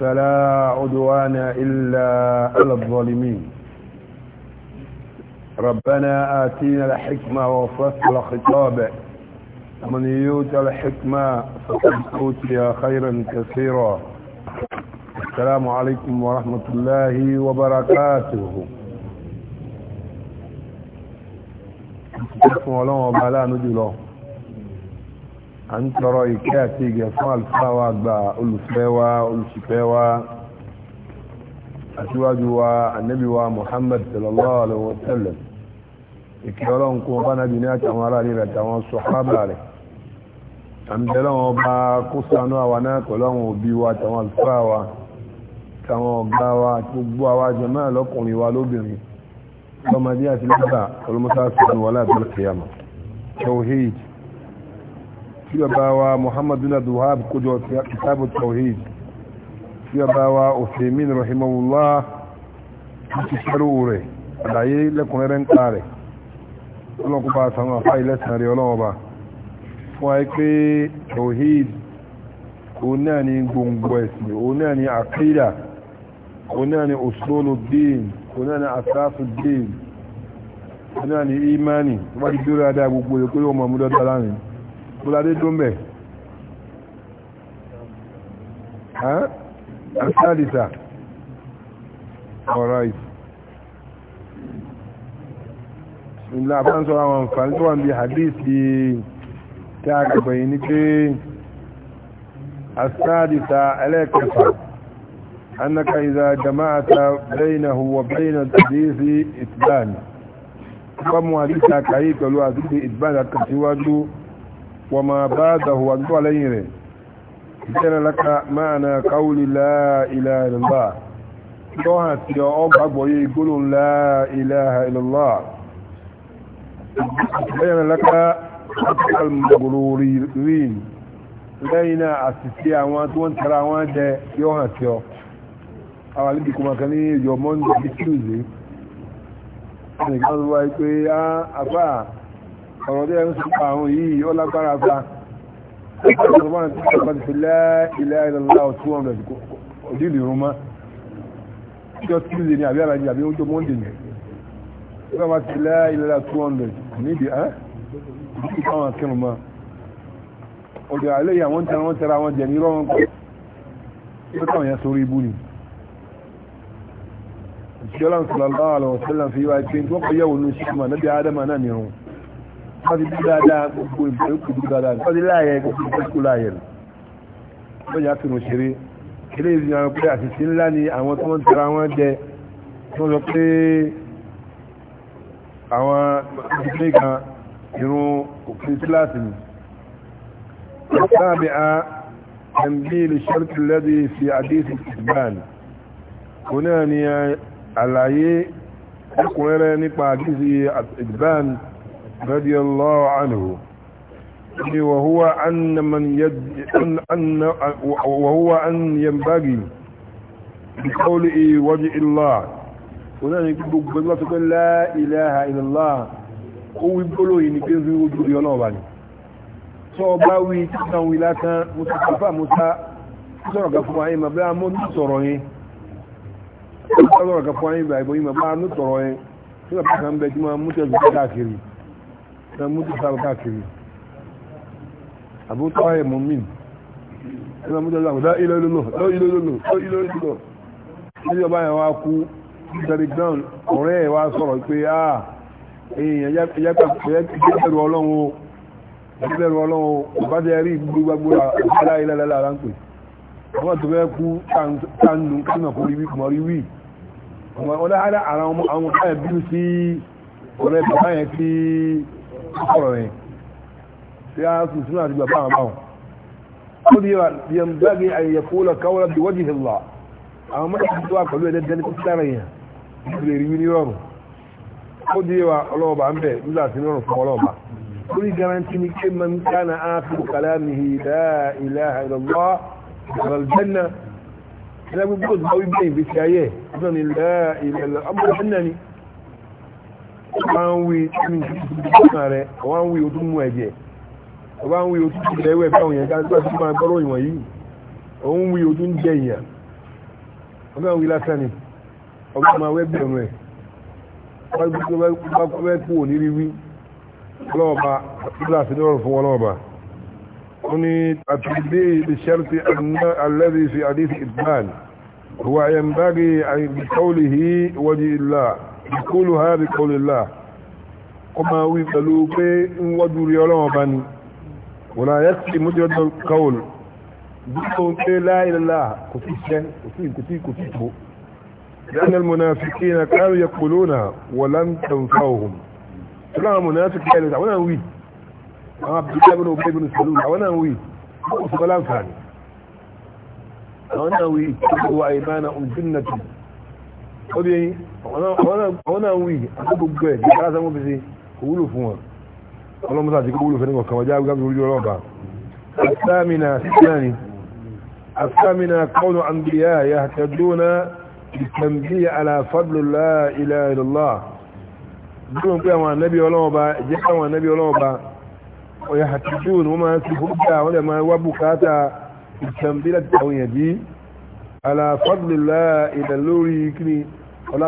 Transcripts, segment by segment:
فلا عدوان إلا على الظالمين ربنا آتينا الحكمة وفصل خطابه ومن يوت الحكمة فقد أوتي خيرا كثيرا السلام عليكم ورحمة الله وبركاته ولو وبلا نجلو à ń tọrọ ìkẹ́ àti ìgẹ̀ fún àlùfáà wa àgbà olùfẹ́ wa olùṣìfẹ́ wa aṣíwájú wa ànábì wa Muhammad sallallahu alaihi wa sallam ìkẹ́ ọlọ́run kó bá nàbì ní àtàwọn aráàlú rẹ̀ àtàwọn sọ̀hábà rẹ̀ àmìtẹ́lẹ̀ wọn bá kó sànú àwa náà pẹ̀lú àwọn òbí wa àtàwọn àlùfáà àtàwọn ọ̀gá wa àti gbogbo àwa jàmá lọ́kùnrin wa lóbìnrin lọ́mọdé àti lọ́gbà ọlọ́mọsáàsì wọn láti lọ́kẹ̀yàmọ̀ tawhid tí bàbá wa muhammadu naduhab kójọ kitabu tawhid tí bàbá wa osemin rahimahullah ti ṣẹ́rù rẹ̀ àdáyé lẹ́kùnrẹ́rẹ́ ń ta rẹ̀ ọlọ́kùn bá sanu àfá ilẹ̀sàn rẹ̀ ọlọ́ọba fún ayé pé tawhid òun náà ni gbòǹgbò ẹ̀sìn òun náà ni àkídà òun náà ni òṣòlò dín òun náà ni àsáàfù dín òun náà ni ìmánì wọ́n dúró dáadáa gbogbo ìpínlẹ̀ ọmọ ọmọdé dáadáa bọ́ládé tó mẹ́ àṣàdìsà alright ìlà àbánsọ àwọn àǹfààní tó wà ní hadithi tí a gbogbo yìí ní pé àṣàdìsà ẹlẹ́kẹfà أنك إذا جمعت بينه وبين الحديث إتبان فمو حديثك هيك لو حديث إتبان لك سواجه وما بعده وانتو عليه كان لك معنى قول لا إله إلا الله دوها سيوم أبو يقول لا إله إلا الله بين لك حق المغرورين لين أسسي عوان تون ترى عوان جاي يوها سيوم أولي بكما كان يومون بسيوزي أنا قال الله يقول يا أفا àwọn ọdẹ ń sọpá àwọn yìí ó lágbára gba ọgbọ́n tí ó bá ti fi láìlẹ́ ìlọ́lá ọ̀tún ọ̀rọ̀ òdí ìlú rúmá tí ó tíì lè ní àbí àbájí àbí oúnjẹ mọ́ndé ní ó bá ti láìlẹ́ ọ̀tún ọ̀rọ̀ níbi á ìdí káwọn akẹ́rùn mọ́ ọ̀dọ̀ àlẹ́ yìí àwọn tẹ̀ra wọn tẹ̀ra wọn jẹ̀ ní rọ́wọ́n pọ̀ ó káwọn yẹn sórí ibú wọ́n ti dúró dáadáa gbogbo ìbẹ̀rù kò dúró dáadáa wọ́n ti láàyè gbogbo ìbẹ̀rù láàyè lọ wọ́n yà kìnnù ṣeré ilé ìsìn àwọn pé àṣìṣe ńlá ni àwọn tí wọ́n tara wọn jẹ tí wọ́n sọ pé àwọn ìdílé kan irun òfin kíláàsì ni sáàbì a tẹ̀m̀bílì ṣẹ́lẹ̀kì lẹ́dí fi àdéhìsì ìgbàlì kò náà ni eh, àlàyé ẹkùnrẹ́rẹ́ nípa àdéhìsì ìgbàlì رضي الله عنه وهو أن من يد أن, أن وهو أن ينبغي بقوله وجه الله ولن يقول بالله تقول لا إله إلا الله هو يقول إن كان في وجود الله sọ́ọ̀báwí títàwí látán mùsùlùmí musa sọ́rọ̀ ga fún àyíma bí a mọ́ ní sọ̀rọ̀ yẹn sọ́rọ̀ ga fún àyíma ìbò yíma bá ní sọ̀rọ̀ yẹn tí wọ́n bá kàn bẹ̀ tí wọ́n mú tẹ̀sùn káàkiri na mútu sáàbù káàkiri àbútọ́ ẹ̀ mọ́mìn ẹ̀nà mútu sáàbù dá ilé lónà lọ ilé lónà lọ ilé lónà níbi ọba yẹn wá kú jerry brown ọ̀rẹ́ ẹ̀ wá sọ̀rọ̀ pé a èèyàn yẹ́pẹ̀rù ọlọ́run o yẹ́pẹ̀rù ọlọ́run o ìbájẹ́ rí gbogbo aláìlẹ́lẹ́lá láńpẹ̀ wọ́n tó fẹ́ kú tánu kánà kó rí wí kùmọ̀ rí wí ọ̀dá àwọn ọmọ àwọn ọ̀dá ẹ̀bí sí ọ̀rẹ́ bàbá yẹn tí ọ̀rọ̀ rẹ̀ tí a sùn sínú àti gbàgbà àwọn báwọn ó di yẹn gbági àyẹ̀kúlọ̀ káwọ́lá bí wọ́n jìhìn lọ àwọn mọ́tò tó wà pẹ̀lú ẹ̀dẹ́ dẹ́ni tó sára yẹn lè rí ní rọrùn ó di yẹwà ọlọ́ọ̀bà ń bẹ̀ nígbà tí rọrùn fún ọlọ́ọ̀bà ó ní garanti ni kí man kana áfíì kalamihi la ilaha illallah ìgbàljanna ẹgbẹ́ gbogbo ìgbà wípé ìgbésí ayé ọdún ni la ilaha illallah wọ́n ń wí tún ìgbésàn rẹ̀ wọ́n o tún mú ẹ̀jẹ̀ wọ́n ń wí o tún ti lẹ́wọ́ ẹ̀fẹ́ òun yìí òun wí o tún jẹ ìyà ọgá wí lásán ni ọgá máa wẹ́ ẹ̀ wọ́n bẹ́ kú òní rí wí ọlọ́ọ̀ba ní ọ̀rọ̀ fún wọn ọlọ́ọ̀ba هو ينبغي بقوله وجه الله يقولها بقول الله ọmọ wí pẹ̀lú pé ń wọ́dú rí ọlọ́wọ́n bá ní wọ́n ayẹ́ sí mọ́jọ́dọ̀ kọwọ́l dípò pé láìlá kò sí iṣẹ́ kò sí kò sí kò sí tó daniel munafiki na káàrù yẹ kúló na wọ́lán tẹ̀mfà ohun tí láwọn munafiki ẹ̀lẹ́ta àwọn àwọn wí àwọn abdulkai bin obey bin salu àwọn àwọn wí kò sí bọ́lá àwọn àwọn wí ìtàkùwà ìmáná òjìnnàtì ó bí àwọn àwọn wí àti gbogbo ẹ̀ wúlò fún wọn ọlọ́mọsá àti wúlò fẹ́ni kọ̀ọ̀kan wájá gbábi orí ọlọ́ọ̀bá asámìnà sísìláni asámìnà kọ́nù àndìyà ya tẹ̀dúnà ìtẹ̀mbí aláfàdùlá ilẹ̀ ìlọ́lá dúrùn pé àwọn anábì ọlọ́ọ̀bá jẹ́ àwọn anábì ọlọ́ọ̀bá ọ̀yà àtìdún wọ́n máa ti hùjà wọ́n lè máa wá bùkátà ìtẹ̀mbí láti àwọn èèyàn jí aláfàdùlá ilẹ̀ lórí kíni ọlá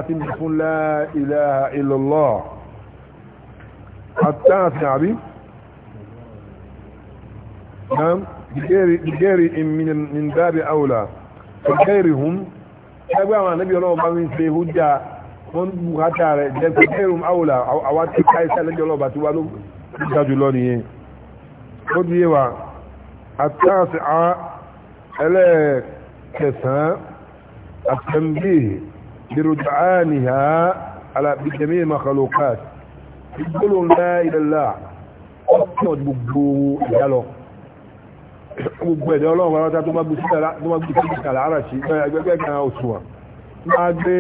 التاسع عبي نعم بغير بغير من من باب اولى فغيرهم ẹgbẹ́ àwọn ànábì ọlọ́ọ̀bá ń ṣe hújá wọ́n bùkátà rẹ̀ jẹ́ fẹ́rùn áwòlà àwọn tí káìsẹ́ ànábì ọlọ́ọ̀bá tí wá ló gbà jùlọ nìyẹn ó bí wà àtàṣì ẹlẹ́ẹ̀kẹsàn àtẹ̀mbí ìròjà àníhà alàbìjẹ̀mí makhlukat gbólóhùn láìlẹ́lá ọ̀pọ̀ gbogbo ìyá lọ gbogbo ẹ̀dẹ̀ ọlọ́run wọn tó má gbé sí ìkàlà ara sí ẹgbẹ́gbẹ́ kan òṣùwọ̀n máa gbé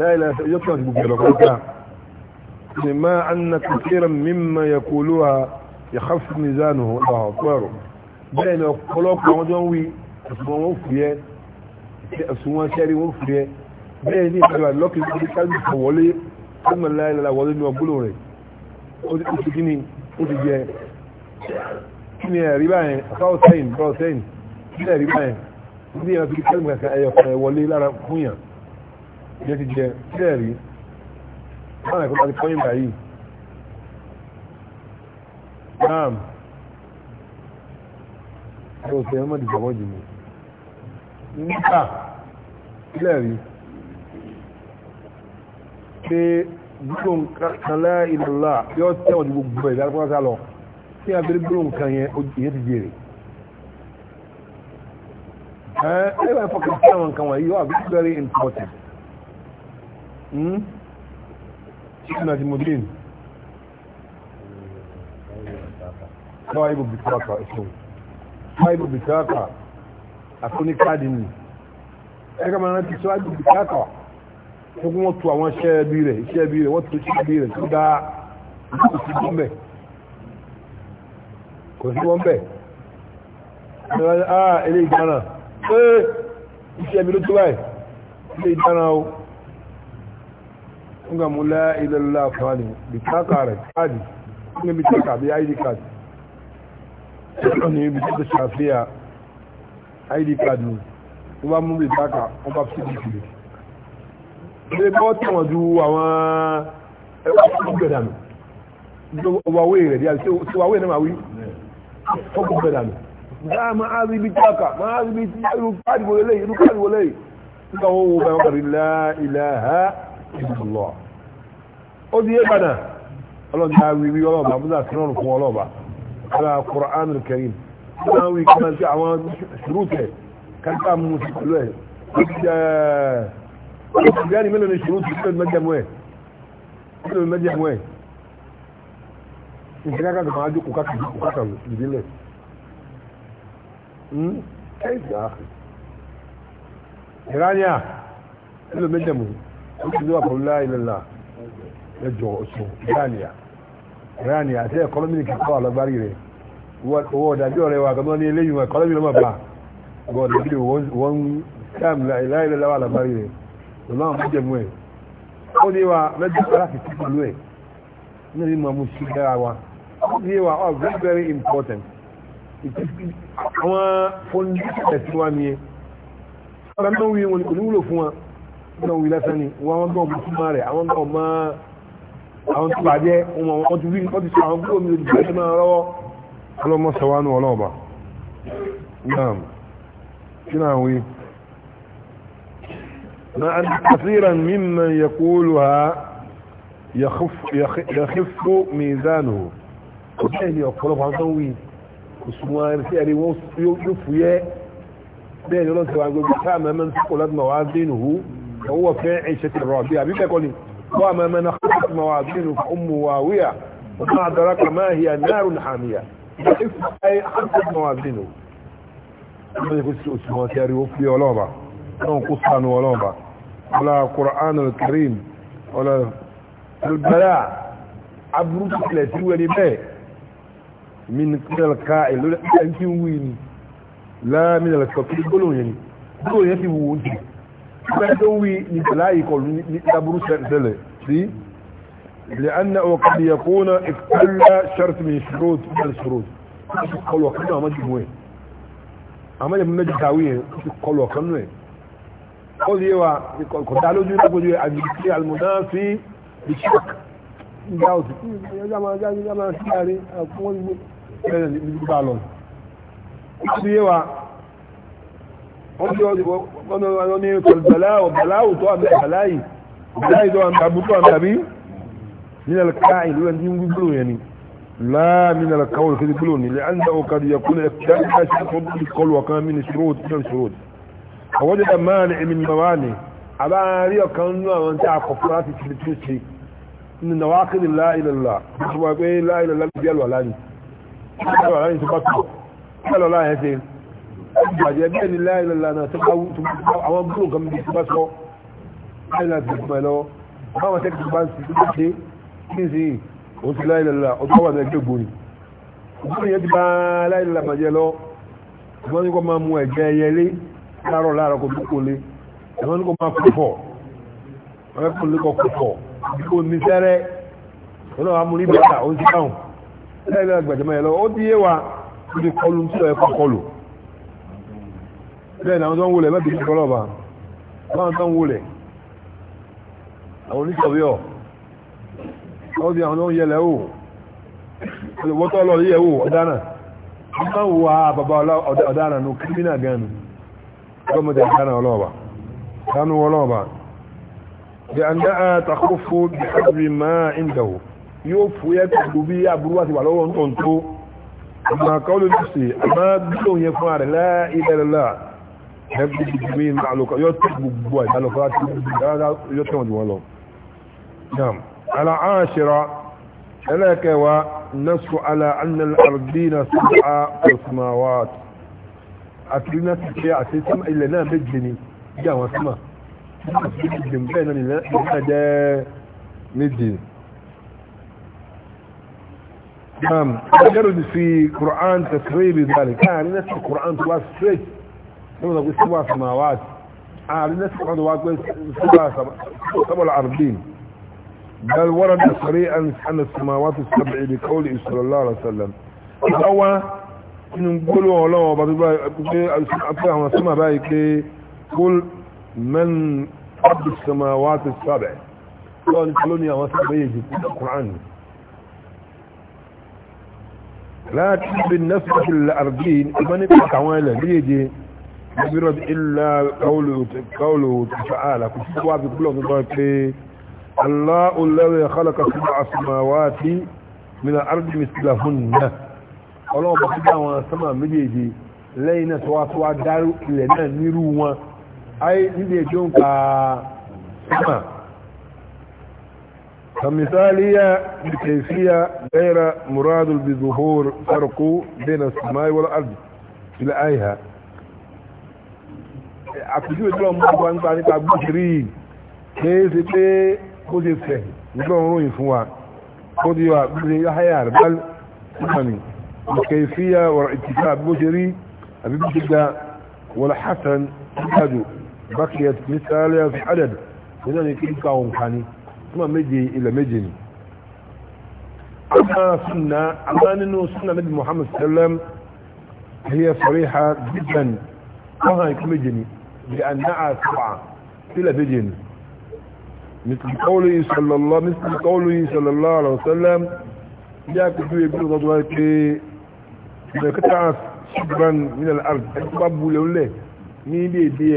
láìlẹ́ yóò pọ̀ gbogbo ẹ̀lọ́ kọjá ni ma anna kìkìrì mímọ yẹ kó ló wa yẹ hafi mizanu ọ̀pọ̀rọ̀ bẹ́ẹ̀ ni ọ̀pọ̀lọpọ̀ àwọn tó ń wí ẹ̀sùn wọn fúyẹ́ ẹ̀sùn wọn ṣẹ́rí wọn fúyẹ́ bẹ́ẹ̀ ni ìpàdé lọ́kì ọmọ láìlára wọlé ní ọgbúlò rẹ̀ ó ti kí kí ni ó ti jẹ kí ni ẹ̀rí báyẹn afáwọ̀ sẹ́yìn bọ́ sẹ́yìn kí ni ẹ̀rí báyẹn kí ni ẹ̀rí kẹ́lùmù kankan ẹ̀yọ̀ kan wọlé lára fúnyàn jẹ́ ti jẹ kí ni ẹ̀rí báwọn ẹ̀kọ́ láti kọ́yìn báyìí naam ẹ̀rọ sẹ́yìn mọ́ ti jọ̀wọ́ jù mí nípa kí ni ẹ̀rí pé gbóhùn kanlá ìlọ́lá yóò tẹ́wọ̀n ju gbogbo ẹ̀ lára fọ́nká lọ tí a bẹ̀rẹ̀ gbóhùn kan yẹn ìyẹn ti jèrè ẹ bá fọkàn sí àwọn nǹkan wọ̀nyí yóò àbí very important hmm? ṣíkùnà ti mọ̀dín kawai bu bitaka iso kawai bu bitaka a kuni kadini ya gama na ti kawai bu bitaka fún kí wọ́n tu àwọn iṣẹ́ ẹbí rẹ̀ iṣẹ́ ẹbí rẹ̀ wọ́n tu iṣẹ́ ẹbí rẹ̀ tó dá kò sí wọ́n bẹ̀ kò sí wọ́n bẹ̀ ah ilé ìdáná ee iṣẹ́ ẹbí ló tó báyìí ilé ìdáná o ń gàmú láìlélá fúnni bìtákà rẹ̀ káàdì ní bìtákà bí id card ní bìtákà ṣàfihàn id card ní wọ́n bá mú bìtákà wọ́n bá fi dìbò ilé bọ́ tẹ̀wọ̀n ju àwọn ẹgbẹ́ gbẹ̀dànù wàwé rẹ̀ díà tí wàwé náà máa wí fọ́kù gbẹ̀dànù máa rí bí tíwákà máa rí bí irú káàdì wọlé lẹ́yìn irú káàdì wọlé yìí nígbà wọn wo bẹ̀rẹ̀ kàrí láìláha ìlúlọ́ ó di ébànà ọlọ́dún náà wí wí ọlọ́ba múlá tí wọ́n ìgbéyàní mélòó ni ṣòro ti kílò mẹ́jẹ̀mú ẹ̀ kílò mẹ́jẹ̀mú ẹ̀ ìṣẹ́ká kàtà máa jókòó kàtà jókòó kàtà ìdílé kẹ́sì àkè ìránìà kílò mẹ́jẹ̀mú ó ti lọ́wọ́ pẹ̀lú láìlélà ẹjọ́ ọ̀ṣun ìránìà ìránìà àti ẹ̀kọ́lọ́mì ní kíkọ́ àlọ́gbárí rẹ̀ owó ọ̀dàjọ́ rẹ̀ wà gbọ́n ní eléyìí ẹ̀kọ́lọ́mì lọ́mọ̀ bá gbọ́n ní wọ́n táàmù láìlélà wà àlọ́gbárí rẹ̀ pẹ̀lú àwọn mọ́jẹ̀mú ẹ̀ ó dé wa mẹ́jọ aláfi tí pẹ̀lú ẹ̀ ní ẹni mọ̀ mú sí dára wa ó dé wa ó oh, very very important àwọn fọ́nìyàn ẹ̀sìn wa ni ẹ ọ̀rọ̀ náà wí wọn kò ní wúlò fún wa náà wí lásán ni wọn gbọ́ ọmọ súnmọ́ rẹ̀ àwọn gbọ́ ọmọ àwọn tó bàjẹ́ wọn ti wí wọn ti sọ àwọn gbọ́ omi olùbàjẹ́ máa rọ́wọ́ ọlọ́mọ sọ wa nù ọlọ́ọ̀bà náà kí náà wí. مع أن كثيرا ممن يقولها يخف, يخف ميزانه وكان يقول عن ضوي وسمار سيري يفوي بين الله سبحانه وتعالى من ثقلت موازينه هو في عيشة الرابعة بيك يقول وما من خفت موازينه فأمه واوية وما أدرك ما هي نار حامية يخف أي خفت موازينه يقول سمار سيري يفوي ولوبة أو قصان ولوبة ولا قرآن الكريم ولا البلاء عبرو تلاتي ولي بي من كل الكائل ولا انت ويني لا من الكفير قولوا يعني قولوا يتي وونتي فدوي نبلاي يقول نبرو سلسلة سي لأنه قد يكون اكتل شرط من شروط من الشروط قولوا كنا ما جموين عمل من نجد تعويه قولوا كنا ó di wa kò dá lójú lójú àgbègbè almunafi bishak ìyá òsì tí ìyá máa jáde ìyá máa sí àárẹ̀ àkókò wọn gbé bẹ́ẹ̀ ní gbígbà lọ ó di wa wọ́n di wọ́n ní kọlbẹ̀láwò bẹ̀láwò tó àmì àbáláyì bẹ̀láyì tó àmì àbúkọ́ àmì àbí nílẹ̀lẹ̀ká ìlú ẹni ń gbígbòrò yẹn ni láàmìnàlẹ̀ká òkèdè àwọ́jọ́dá máàrin èmi mọ̀wánì àbáàrí ọ̀kan nú àwọn tí a kọ̀ fún láti ti tún ṣe nínú nàwákìrì láìlọ́lá tó wà pé láìlọ́lá bí ẹlọ́ láni ẹlọ́ láni tó bá tó ẹlọ́ láyé ṣe ìbàjẹ́ bẹ́ẹ̀ ni láìlọ́lá náà tó bá wú àwọn gbúrò kan bí tó bá sọ láìlọ́lá ti fún lọ́wọ́ báwọn tẹ́kì tó bá ń ṣe ṣe kí n sì ó ti láìlọ́lá ó tó wà ní ẹgbẹ́ gbòòrì gbòòrì yẹn ti bá láìlọ́lá bàjẹ́ lọ wọ́n ní máa mú ẹ̀jẹ̀ ẹyẹlé láàárọ̀ láàárọ̀ kò bí kò lé ní kò máa kú fọ̀ ọ̀rẹ́ kò lé kò kú fọ̀ kò ní sẹ́rẹ́ ọ̀nà àwọn bàtà ó sì dáhùn ẹ̀rẹ́ ó ti yé wa ó ti kọlu tí ọ̀ẹ́kọ̀ kọlu bẹ́ẹ̀ ni àwọn tó ń wọlé mẹ́bí ìṣẹ́kọ́ lọ́ba àwọn tó ń wọlé àwọn قمت الحنى ولوبا كانوا ولوبا لأنها تخف بحسب ما عنده يوف ويكتب بي أبروات ولو أنتم ما قول نفسي ما بلو يفعل لا إله إلا الله يبدو بجميع معلوكة يتبع بواي معلوكات يتبع ولو نعم على عاشرة لك ونصف على أن الأرضين سبعة والسماوات أكلنا في ti ṣe àti sọ́mà ilẹ̀ náà méje ni bí àwọn sọ́mà نعم أجرد في قرآن تسريب ذلك كان نفس القرآن تواس سريج كما تقول سبع سماوات أعلي نفس القرآن تواس سبع سبع العربين بل ورد سريعا عن السماوات السبع بقوله صلى الله عليه وسلم هو inú gbólóhùn ọlọ́wọ́ ọba tó bá pé afẹ́ àwọn sọ́mà báyìí pé kúl mẹ́n abdul sama wa ti sábẹ̀ lọ́wọ́ ní kálọ́ ní àwọn sábẹ̀ yìí jù kúta kúránì láti bí nẹ́fẹ̀ẹ́ lárgí ìgbà ní pé àwọn ẹlẹ̀ ní èdè gbẹ́rọ̀ ilá kọ́ọ̀lù tàfààlà kò sí ọlọ́ọ̀bá tó dá àwọn sánmà méjèèjì lẹ́yìn náà tó wá tó wá dárú ilẹ̀ náà nírú wọn ayé níbi èjò ń ka sánmà kàmìsáàlìyà kẹfíyà bẹ́ẹ̀rẹ̀ muradu bi zuhur farko bẹ́ẹ̀nà sàmáyé wọ́n ardi ilẹ̀ àyíha àpèjúwe tó lọ mú wa nípa nípa الكيفية والاتفاع مجري أبي بجدة والحسن هدو بقيت مثال في عدد هنا كيف كاهم حاني ثم مجي إلى مجني أما سنة أما أنه سنة نبي محمد صلى الله عليه وسلم هي صريحة جدا يكون مجني لأنها سبعة إلى مجني مثل قوله صلى الله مثل قوله صلى الله عليه وسلم يا كتب يقول غضوات ìbẹ̀ kẹta ṣùgbọ́n nílẹ̀ àrùn ẹni tó bá bu lẹ́wọ́n lẹ̀ ní ilé èdè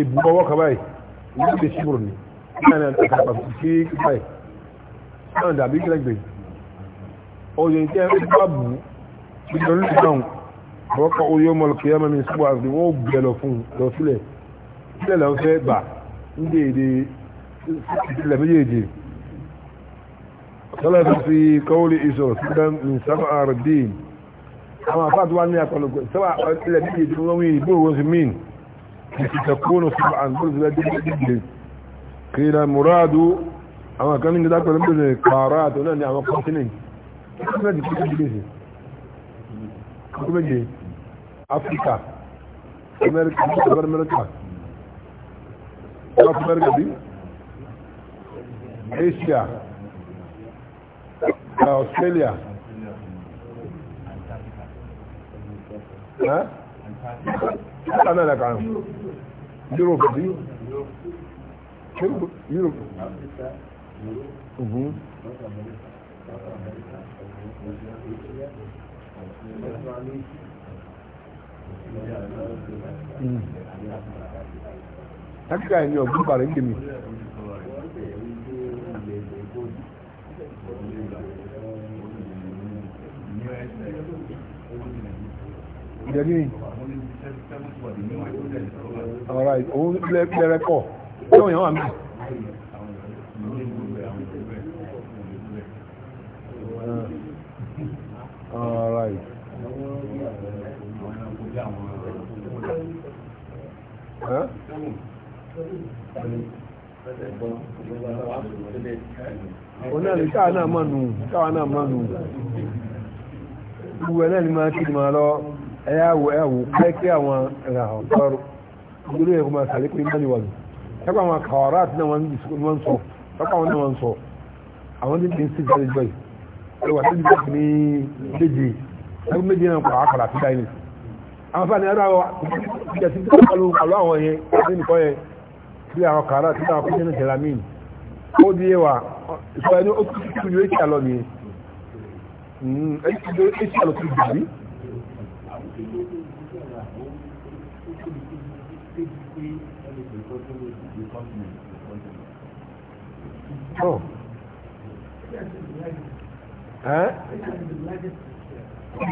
ìbúgbọ́ wọ́kà báyìí ní ilé ṣíbùrù ni ní àkàpà sí سلف في قول إسر من سبع الدين أما فاتوا أني أقول لكم سبع الذي يدعوني به مين تكون سبعا برز الذي قيل مراد أما كان من ذلك لم قارات ولا نعم قاتلين كيف نجي كيف نجي كيف نجي أفريقيا أمريكا أمريكا أفريقيا دي آسيا Australia Antarctica Europe Europe Europe Mhm. Tákìkà ẹni ọ̀gbọ́n bàrẹ̀ ń gbèmí. yẹmi ọ̀rọ̀ òun lẹ́rẹ́ pọ̀ yóò yàn wà mí. Huh? òun náà ní káà náà mọ̀ nù káà náà mọ̀ nù gbogbo ẹ̀ náà ni máa kí ni máa lọ ẹ̀yà wò ẹ̀ wò pẹ́ kí àwọn ẹ̀rà ọ̀tọ́rọ̀ gbogbo ẹ̀ kó máa sàlékún ní mọ́ni wọ̀lù kẹ́kọ̀ọ́ àwọn kàwárà àti náà wọ́n sọ kẹ́kọ̀ọ́ àwọn náà wọ́n sọ àwọn tí kìí sí ìjáde jọ yìí ẹwà tó ti bọ́ọ̀kì ní méje ẹgbẹ́ méje náà kọ̀ àkàrà sí dáìní àwọn fani ẹ̀rọ àwọn ìjẹsí tó kọlu àlọ́ àwọn yẹn àti yẹn bí àwọn kàwárà àti náà kó ó di ẹwà ìsọ ẹni ó kú kú ju èsì àlọ́ nìyẹn èsì àlọ́ kú jù bí. Oh. Huh?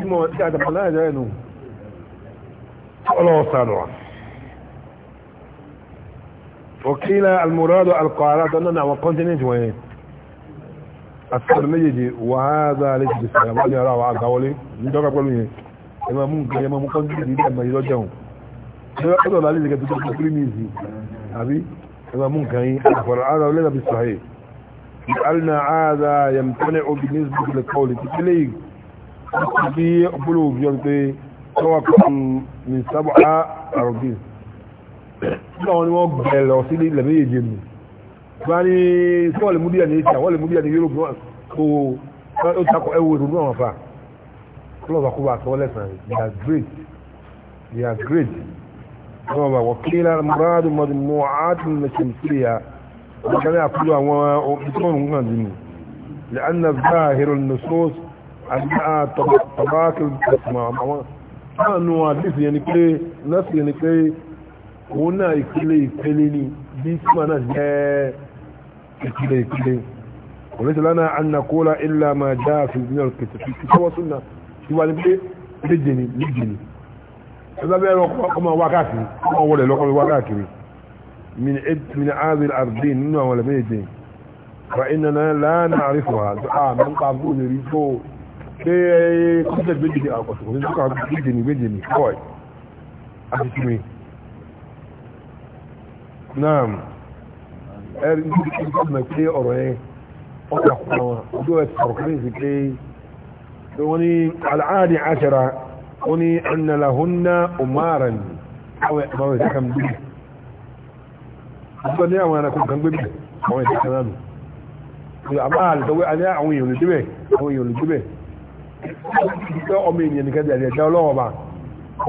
Mo ti àtàkùn náà jẹ́ ẹnu. Ọlọ́wọ́ sàlùwà. وقيل المراد القارات أننا وقنتنت وين أكثر مجد وهذا ليس بالسلام أنا أرى وعلى قولي ندرك قولي إما ممكن إما ممكن جديد إما يرجعون هذا لا ليس كتب تكريميزي أبي إما ممكن هذا ليس بالصحيح سألنا هذا يمتنع بالنسبة للقول تكليك تكليك بلوغ يلقي سواء من سبعة أرضين nígbà wọn ni wọ́n gbẹ̀ lọ sí ilẹ̀ méjèèjì nù bá ní sí wọ́n lè mú díẹ̀ ní Asia wọ́n lè mú díẹ̀ ní Europe náà kó ó takọ ẹwọ ìrònú àwọn fa ọlọ́ba kó bá sọ lẹ́sàn they are great they are great ọlọ́ba wọ́n لأن الظاهر النصوص أنها تباكل تسمع أنا àwọn àdìsí yẹn ni pé nọ́ọ̀sì òun náà ìpele ìpele ni bí símà náà jẹ́ ìpele ìpele وليس لنا أن نقول إلا ما جاء في من الكتاب في كتاب السنة في وانا بيه لجني لجني هذا بيه لقما وكاكري كما هو لقما وكاكري من عد من عاد الأرضين منها ولا بيدين فإننا لا نعرفها آه من قابلون يريدو كي قدر بيدني أقصد بيدني بيدني كوي أحسن náà ẹ̀rí ní kí n mọ̀ pé ọ̀rọ̀ yẹn ọ̀rọ̀ kọ́ wọn ọdún ẹ̀ sọ̀rọ̀ kí n sì pé wọ́n ní aláàdì àṣẹra wọ́n ní annalahunna umaran àwọn ẹ̀mọ́ ìṣẹ́ kan bí ọdún ní àwọn ẹranko kan gbé bí àwọn ìṣẹ́ kan náà nù àmà àlùtọ́wé alẹ́ àwọn èèyàn lè débẹ̀ àwọn èèyàn lè débẹ̀ ọmọ ènìyàn nìkan dẹ̀ ẹ̀dá ọlọ́wọ́ bá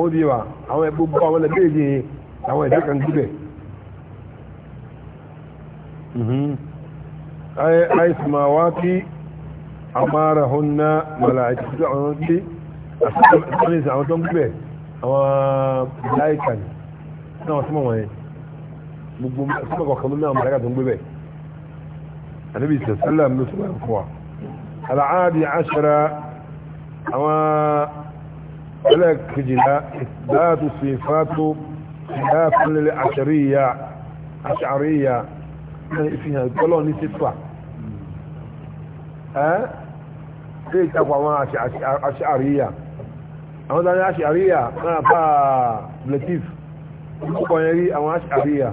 ó di wa àwọn gbogbo àwọn ẹlẹ́gbẹ̀ẹ́ àwọn ìṣẹ́ kan gbé bẹ́ẹ̀ Mm-hmm. Mm-hmm. ay samawati amarahunna malaikatu àwọn tí àwọn ìsìn àwọn tó ń gbẹ̀ àwọn láìka ni náà súnmọ̀ wọ̀nyí gbogbo súnmọ̀ kọ̀ọ̀kan ló ní àwọn malaika tó ń gbẹ̀ àdébí ìsẹ̀sẹ́lẹ̀ ló súnmọ̀ ẹ̀kọ́ wa al'adi ashara àwọn ẹlẹ́kejìlá ìdáàtú sí fàtó ìdáàtú lílẹ̀ àṣàríyà àṣàríyà ìfihàn gbọ́lọ̀ ní sífà ẹ́ ṣe ìtakọ̀ àwọn aṣàríyà àwọn tàbí aṣàríyà náà bá blatif púpọ̀ yẹn rí àwọn aṣàríyà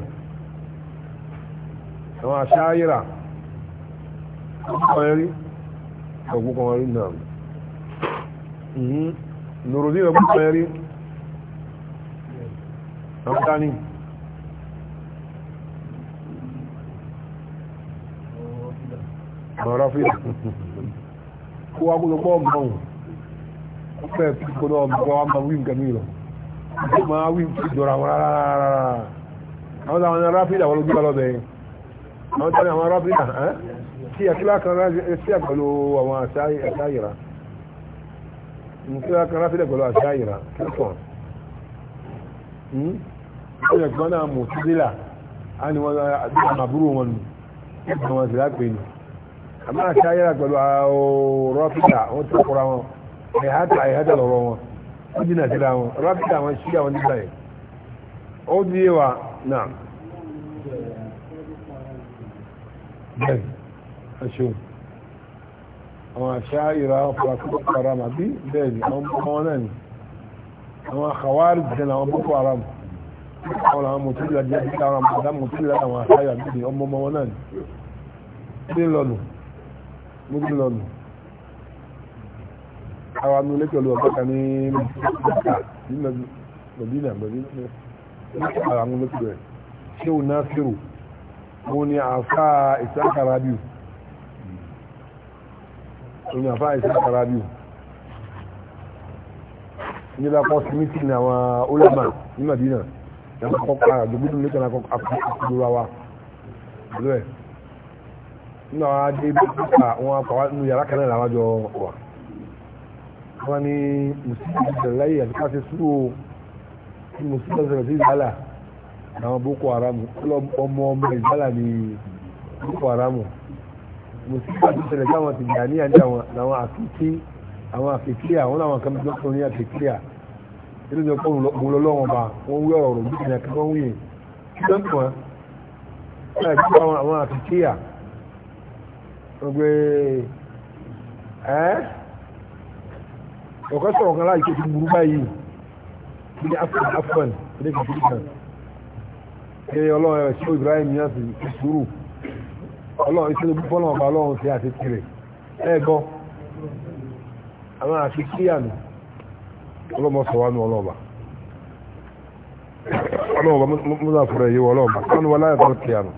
àwọn aṣàríyà púpọ̀ yẹn rí ọgbùkọ̀ wọn rí náà nùrùdí ọgbùkọ̀ yẹn rí àwọn tàbí ọ̀rọ̀ fi kó wa kúlò pọ̀ mọ́ òun ó fẹ́ kó lọ bọ́ wa máa wí nǹkan mi lọ ó máa wí nǹkan jọra wọn rárá àwọn táwọn ará fìdá wọn ló gbé lọ bẹ́ẹ̀ àwọn táwọn àwọn ará fìdá sí àkílá kan sí àpẹlú àwọn àṣáyìrá nǹkan kan ráfìdá pẹ̀lú àṣáyìrá kíkọ̀ hmm? ó yẹ kí wọ́n náà mọ̀ sí délà á ní wọ́n àbúrò wọn àmọ́ àṣáyára pẹ̀lú rọ́pítà wọ́n ti kọ́ra wọn ẹ̀hátà ẹ̀hátà lọ́rọ̀ wọn ó dínà síra wọn rọ́pítà wọn ṣí àwọn nígbà yẹn ó di yé wa náà bẹ́ẹ̀ ẹ̀ṣọ́ àwọn àṣáyára ọ̀pọ̀lọpọ̀ kọ́ra mà bí bẹ́ẹ̀ ni àwọn ọmọ náà ni àwọn àkàwárí jẹ́ àwọn boko haram àwọn àwọn mọ̀tílá jẹ́ àwọn mọ̀tílá àwọn àṣáyára bí ọmọ ọmọ náà ni níbi lọ́nà àwọn amú lẹ́kẹ̀ẹ́ olùwà bàtà ní mẹ́dínà mẹ́dínà àwọn amú lẹ́kẹ̀ẹ́ ṣéwù náà fèrò mo ní àfá ìsáàkà rábíù mo ní àfá ìsáàkà rábíù nígbà kan sí mítì ní àwọn olùmọ̀ ní mẹ́dínà ní àkọ́kọ́ àdúgbò ní kẹ́kẹ́ àkọ́kọ́ àkọ́kọ́ àkọ́kọ́ nínú àwọn adé pípa wọn apàwà nínú yàrá kan náà láwájọ wà wọ́n ní mùsùlùmí ìṣẹ̀lẹ̀ láyé àti káṣe súrò tí mùsùlùmí ìṣẹ̀lẹ̀ sí ìgbàlà àwọn boko haram ọmọ ọmọ ìgbàlà ní boko haram mùsùlùmí àti ìṣẹ̀lẹ̀ táwọn ti gbà ní àjẹ́ àwọn àfikí àwọn àfikí àwọn làwọn kan bí wọ́n sọ ní àfikí à nínú ìjọpọ̀ òǹlọ́lọ́wọ́n bá wọ́n wí ọ̀rọ̀ bí ìyàn kan wọ́n wí yẹn kí ló ń wọn àwọn àfikí à gbogbo e, ẹ́ ọ̀kọ́ sọ̀rọ̀ kan láì kéde burú báyìí bí i afghan afghan ilé kìkìkì kan ṣe ọlọ́run ẹ̀rọ sí Ibrahim yasi ìṣúrù ọlọ́run iṣẹ́ lóbi fọ́nà ọba ọlọ́run ti àti tirẹ̀ ẹ gbọ́ àwọn àti kíyànù ọlọ́mọ sọ̀wánú ọlọ́ọ̀bà ọlọ́ọ̀bà mọ́sàfúrẹ̀ yìí ọlọ́ọ̀bà kánú wọláyà tó kíyànù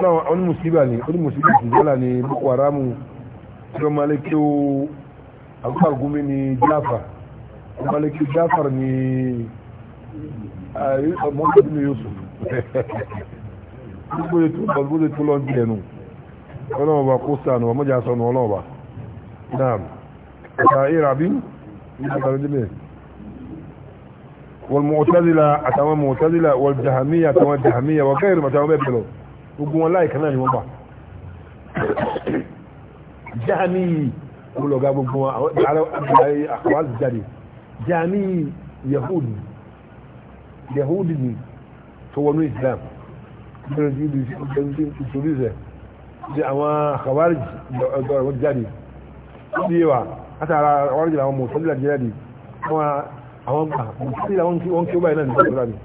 náà wọ́n ní mùsíbà ní wọ́n ní mùsíbà sí jọ́là ní boko haram tí wọ́n máa lé kí ó Abubakar Gumi ní jáfà wọ́n máa lé kí jáfà ní mọ́tàbí ní Yusuf gbogbo ètò ọ̀gbọ̀n gbogbo ètò lọ́ndì ẹnu ọlọ́ọ̀bà kó sànù ọmọjà sọnù ọlọ́ọ̀bà náà ẹ̀ka ìràbí ní àtàrẹ́dẹ́bẹ̀ẹ́ والمعتزلة أتوا معتزلة والجهمية أتوا جهمية وغير ما توا بيبلو gbogbo wọn láì kanáà ni wọ́n bà jami olùlọ́gá gbogbo wọn àkọwàlì jáde jami yahudi yahudi ni tó wọnú islam nítorí rẹ̀ di àwọn àkọwàlì ọ̀dọ́rọ̀ jáde wọ́n bí wà látara àwọn ọ̀rọ̀ jáde àwọn mọ̀tọ́lá jáde àwọn gbà mọ̀tọ́lá wọn kí ó báyìí náà nígbà tó rà ní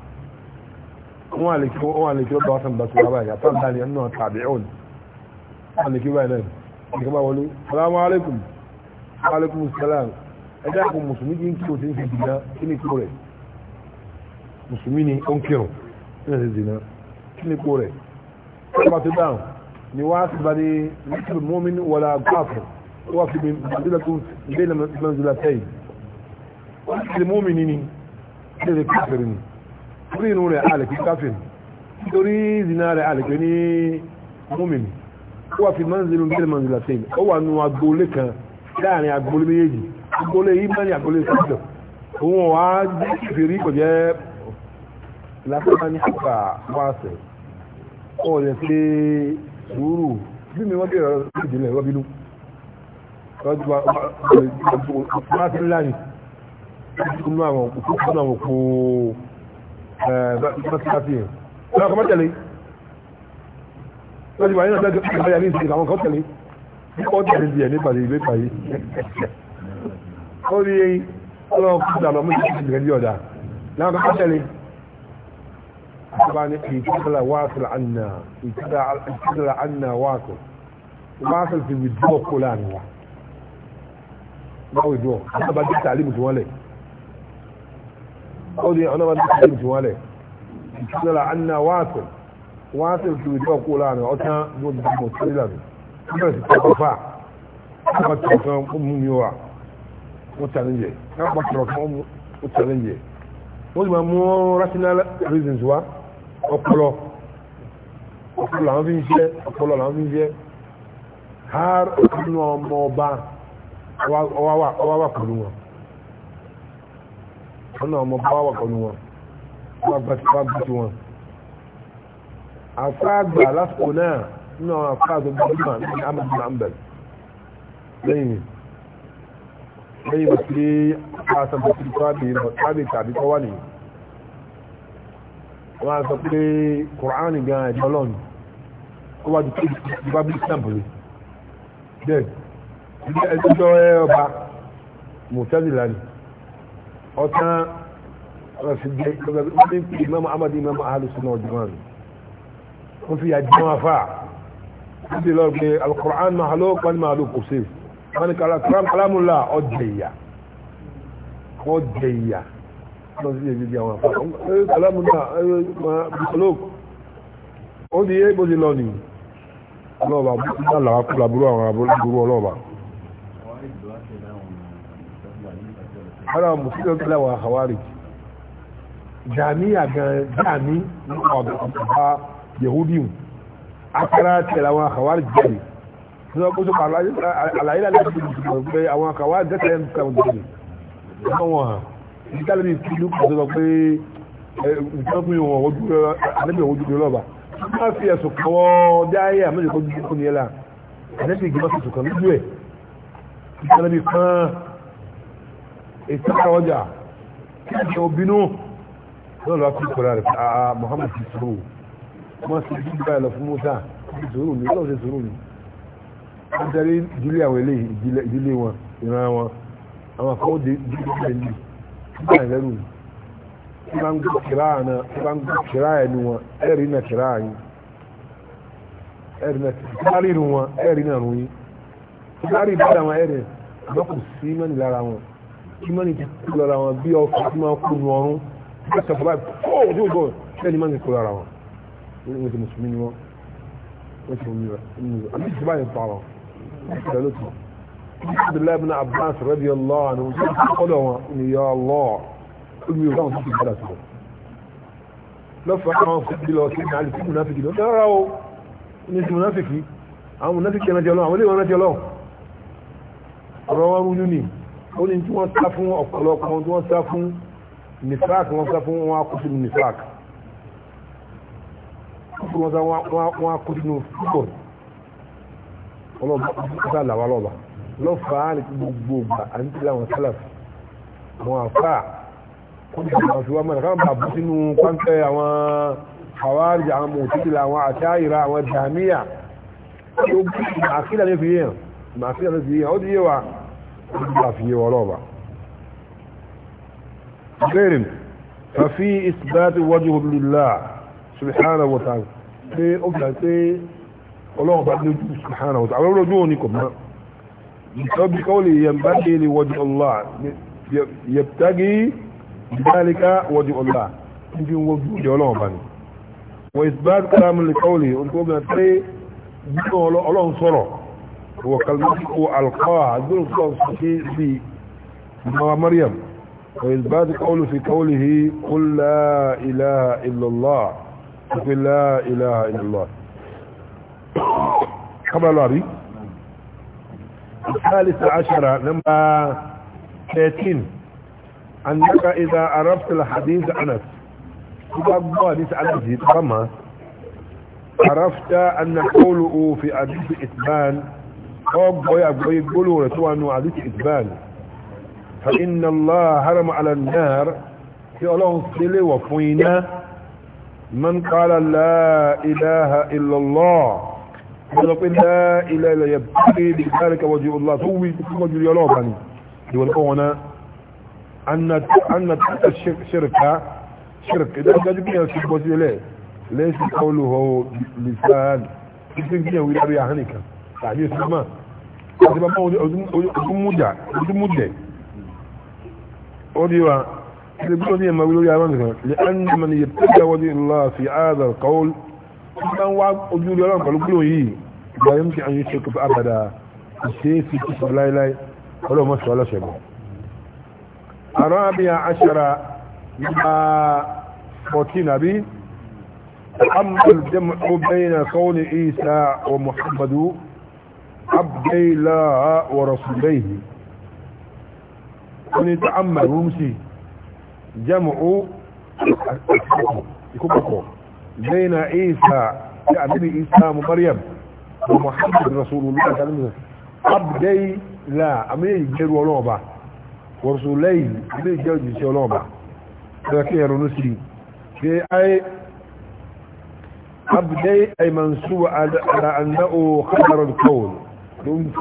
wọ́n àlèkí wọ́n àlèkí ọ̀dọ̀ Hasan Basri báyìí àtàn dání ẹnu náà tàbí ọ̀n àlèkí báyìí náà nìkan bá wọlé salamu alaikum alaikum salam ẹjẹ́ àpò mùsùlùmí kí n kí o ti ń fi dìna kí ni kó rẹ̀ mùsùlùmí ni ó ń kírun kí ni ti dìna kí ni kó rẹ̀ kí wọ́n ti dáhùn ni wọ́n á sì bá ní nítorí mọ́mí wọlé agbáàfọ̀ tó wà fi mi àdúrà tó torí irun rẹ̀ alẹ̀ kìí káfíìn torí zina rẹ̀ alẹ̀ kìí ní múmìnì ó wà fi manzilu bẹ́ẹ̀ manzila sẹ́yìn ó wà nù agboolé kan láàrin agboolé méjèèjì agboolé yìí má ní agboolé sọ́dọ̀ òun wà á fi rí kò jẹ́ lásán ní àgbà wá sẹ̀ ó lè ṣe sùúrù bí mi wọ́n bẹ̀rẹ̀ ìdílé ẹ̀rọ bínú wọ́n ti wá ọ̀pọ̀ láti ńlá ó ti kún àwọn òkú mọ́sálásí yẹn lọ́wọ́ kọ́ mọ́tẹ̀lé lọ́wọ́ ìwà yẹn náà tẹ́lẹ̀ ìgbà yà ní ìsìn àwọn kan tẹ̀lé nípa tẹ̀lé díẹ̀ nípa ìlú ìgbà yìí ó rí ọlọ́wọ́ kó dànù ọmọ ìṣẹ́ ìgbà ní ọ̀dà lọ́wọ́ kọ́ tẹ̀lé bani ìtìlá wáṣìl àná ìtìlá àná wáṣìl wáṣìl ti wìdúwọ̀ kó láàrin wa báwo ìdúwọ̀ àtàbàjẹ́ tàlímù tí wọ́n lẹ̀ قولي أنا ما تكلم جوالي تقول عنا واصل واصل في وجهه قول أنا أتنا جود مستقبلا بس تكفى ما تكفى أم يوع وتنجي ما تكفى أم وتنجي wọ́n ma mú rational reasons wá ọpọlọ ọpọlọ làwọn fi ń ṣe ọpọlọ làwọn fi ń ṣe har nínú ọmọ ọba ọwá wà pẹ̀lú wọn wọn náà ọmọ báwà kọnu wọn wọn gba ti wọn gba ti wọn. àfa àgbà lásìkò náà nínú àwọn àfa àgbà gbajúmọ̀ ní amadu lambert lẹ́yìn lẹ́yìn bàtí àṣà bàtí tọ́wádì tọ́wádì tàbí tọ́wádì wọ́n á sọ pé kùránì gan ẹ̀jọ́ lọ́nù ó wájú pé bible sample bẹ́ẹ̀ ẹjọ́ ọba mọ̀tẹ́lì lánìí ọ̀tán rọ̀sìdẹ̀ ìgbàgbọ́n pé imam ahmad imam ahalusunna ọ̀jọ̀wọ́n ó fi àjẹ́ wọn fà ó sì lọ pé alukur'an mahalo kwani mahalo kò sí wọn ni kalamula ọjẹ́ ìyá ọjẹ́ ìyá lọ sí ibi àwọn afa kalamula mahalo ó di yé bó ti lọ nìyí ọlọ́ọ̀bà bó ti dá làwọn kúlà àwọn aburú ọlọ́ọ̀bà. ọ̀rọ̀ mùsùlùmí tẹ́lẹ̀ wà hàwárì jami àgàn jami ọ̀gá yahudi akara tẹ̀lẹ̀ àwọn hàwárì jẹ́rì tí wọ́n kóso àlàyé lálẹ́ tó ti sọ pé àwọn hàwárì jẹ́tẹ̀ ń kàwọn jẹ́rì wọ́n wọ̀n hàn ìdíkàlẹ́ mi kí ló kọ̀ọ̀sọ́ pé nǹkan fún ìwọ̀n ojú alẹ́bí ojú ló lọ́ba wọ́n fi ẹ̀sùn kan wọ́n dá ayé ìsára ọjà kíkẹ́ obìnú lọ́nà lọ́kọ́ ìkọ̀rọ̀ rẹ̀ àà ah, ah, Muhammad ti sọ̀rọ̀ wọ́n sì bí báyìí lọ fún Musa ti sọ̀rọ̀ ní lọ́wọ́ ti sọ̀rọ̀ ní wọ́n tẹ̀lé ìdílé àwọn ilé ìdílé wọn ìran wọn àwọn akọ́wọ́ di ìdílé ní ìgbà ìlẹ́rù ní tí bá ń gbọ́ kìrá àná tí bá ń gbọ́ kìrá ẹnu wọn ẹ̀rí náà kìrá yín ẹ̀rí náà kìrá wọn ẹ̀rí náà rún yín kìrá rí ìbára wọn ẹ̀rí àmọ́ sí mẹ́ni lára wọn kí mọ́ni ti kú lára wọn bí ọkọ̀ tí máa kú nu ọrún bí ọkọ̀ báyìí kó o tí o gbọ́ ẹni mọ́ni kú lára wọn wọ́n ti mùsùlùmí ni wọ́n wọ́n ti mú mi rẹ̀ àmì ìṣẹ́ báyìí pa wọn ìṣẹ́ ló tù Abdullahi bin Abbas radiyallahu anhu kọ́dọ̀ wọn ni ya Allah ó ní ìwé ọ̀rọ̀ wọn rú ní ó ní tí wọ́n sá fún ọ̀pọ̀lọpọ̀ wọn tí wọ́n sá fún nifak wọ́n sá fún wọn akúsù nifak wọ́n sá wọn akúsù nifak ọlọ́ba ọ̀sá làwà lọ́ba lọ́fàá ní gbogbo ìgbà àti láwọn sálàf àwọn àfà kó ní àwọn àfiwá mọ́ra káwọn bá bú sínú pàǹkẹ́ àwọn في ولوبا غير ففي إثبات وجه لله سبحانه وتعالى في أبدا في الله بعد سبحانه وتعالى ولو جونكم بسبب قولي ينبغي لوجه الله يبتغي ذلك وجه الله يمكن وجه الله بني وإثبات كلام لقوله أنتم أبدا في الله صلى هو كلمته ذو دول في في مريم وإثبات قوله في قوله قل لا إله إلا الله قل لا إله إلا الله كما أري الثالث عشر لما 30 أنك إذا عرفت الحديث أنس إذا ليس حديث أنس عرفت أن قوله في حديث إثبان ọgbọ̀ àgbọ̀yé gbólò rẹ̀ tó wà nù àdúkì ìsbáàlì fa inna Allah harama ala an-nar tí ọlọ́run sílé wọ̀ fún iná man qala la ilaha illallah ọjọ́ pé la ilaha illa yabtaghi bi dhalika wajhu Allah tó wí tí wọ́n jùlọ ọlọ́ọ̀bá ni ìwọ̀n kọ́ wọn anna tata shirka shirka idan gajú bí yàn sí bọ́ sílẹ̀ lẹ́sìn kọlu hó lisan títí bí yàn wí lárí àhánikan tàbí ìsúnmọ́ àti bàbá ojúmújà ojúmújẹ ó di wa ilé bí ó ní ẹ̀mọ́ lórí àwọn nìkan lè án mọ̀ ní yẹ̀pẹ̀lẹ̀ wọ́n ní ìlà fi ààzà kọ́ọ́l tí wọ́n wá ojú rí ọlọ́run pẹ̀lú gbólóhùn yìí ìgbà yóò ti àyè ṣe kọfà àbàdà ìṣe é fi kìsọ láíláí ọlọ́run mọ̀ṣọ́ ọlọ́ṣẹ̀ bọ̀. àrùn abíyá aṣara nípa 14 àbí أما الجمع بين قول عيسى ومحمد عبدي لا ورسوليه ونتعمل رمسي جمع يكون بين عيسى يعني عيسى ومريم ومحمد رسول الله صلى الله عليه وسلم عبدي لا امي يجر ولوبا ورسولي امي يجر ولوبا لكن رنسي في اي عبدي اي منسوب على انه خبر الكون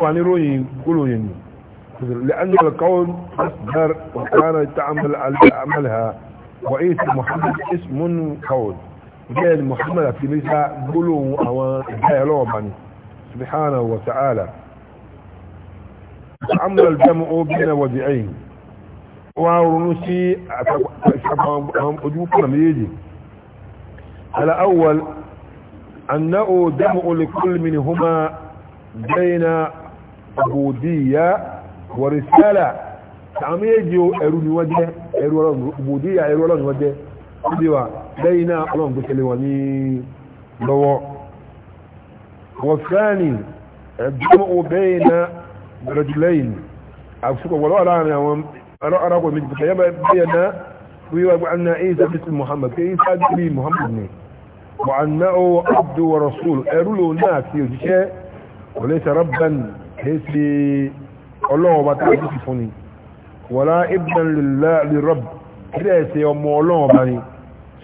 فاني روين كل يعني لأن القوم أصدر وكان تعمل على عملها وإيس محمد اسم قول جاء محمد في ميسا قلوا أو جاء سبحانه وتعالى عمل الجمع بين وزعين ورنسي أجوبنا ميدي الأول أنه جمع لكل منهما بين عبودية ورسالة تعمي يجيو اروني وجه اروني عبودية اروني وجه ديوا بين الله بكلي وني لو والثاني الجمع بين رجلين أفسك ولو أرانا أرانا أرانا من بخيام بينا ويوجد أن عيسى مثل محمد عيسى مثل محمد وأنه عبد ورسول أرولو ناس يجيشه وليس ربا ليس الله وبتعبد فني ولا ابن لله للرب ليس يوم الله وبني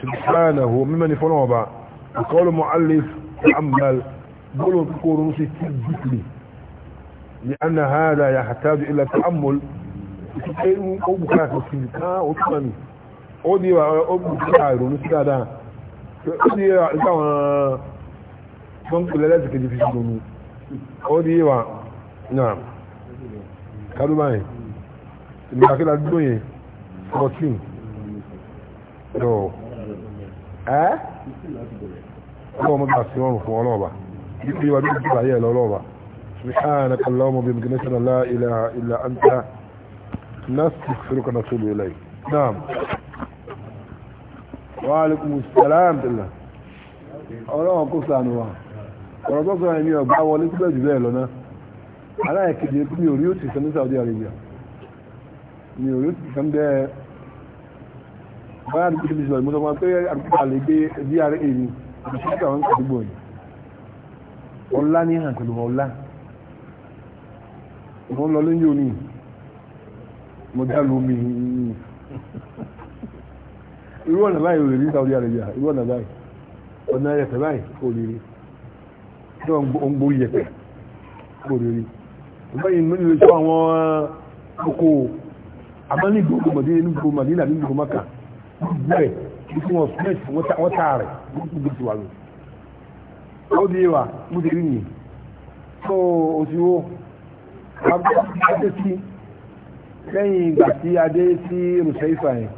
سبحانه ممن فنوا با قول مؤلف تعمل قولوا تكونوا ستبتلي لأن هذا يحتاج إلى تأمل تكونوا أبكاك سلطاء وطمي أودي وأبكاك ونسكادا أودي وأبكاك ونسكادا فنقل لازك دي في سلطانه ó di wa náà kádó báyìí ìlú akéda dúró yẹn fourteen tó ẹ́ ọlọ́wọ́ mọ́ bá sí ọrùn fún ọlọ́ọ̀bà bí wà bí ìjọba ayé ẹ̀lọ́ ọlọ́ọ̀bà سبحانك اللهم وبحمدك نشهد ان لا اله الا انت نستغفرك ونتوب اليك نعم وعليكم السلام بالله ọlọ́wọ́n kó sànù wa ọ̀rọ̀ tó sọ̀rọ̀ ẹ̀mí ọ̀gbá wọlé síbẹ̀ jù bẹ́ẹ̀ lọ́nà aláìkéde ní orí ó ti sọ ní Saudi Arabia ní orí ó ti sọ bẹ́ẹ̀ báyà ní kíkí sọ̀rọ̀ ìmúsọ̀mọ́ pé àdúgbò àlègbè dra ni ìṣẹ́kà wọn kàdúgbò yìí ọlá ní hàn pẹ̀lú ọlá wọ́n lọ lóyún òní mo dá lómi irú ọ̀nà báyìí ò lè rí Saudi Arabia irú ọ̀nà báyìí ọ̀nà tí wọ́n ń borí yẹpẹ̀ kòrìrì ìgbẹ́yìn mẹ́rin lè tó àwọn oko àmọ́ ní gbogbo mọ̀dé ní gbogbo mọ̀dé ní gbogbo mọ́kà gbogbo ẹ̀ tí wọ́n fẹ́ẹ̀sì wọ́n tà rẹ̀ gbogbo ti wà lọ. ó di wa mo ti rí nìyí tó o ti wo adé sí lẹ́yìn ìgbà tí adé sí rùsẹ̀ ìfà yẹn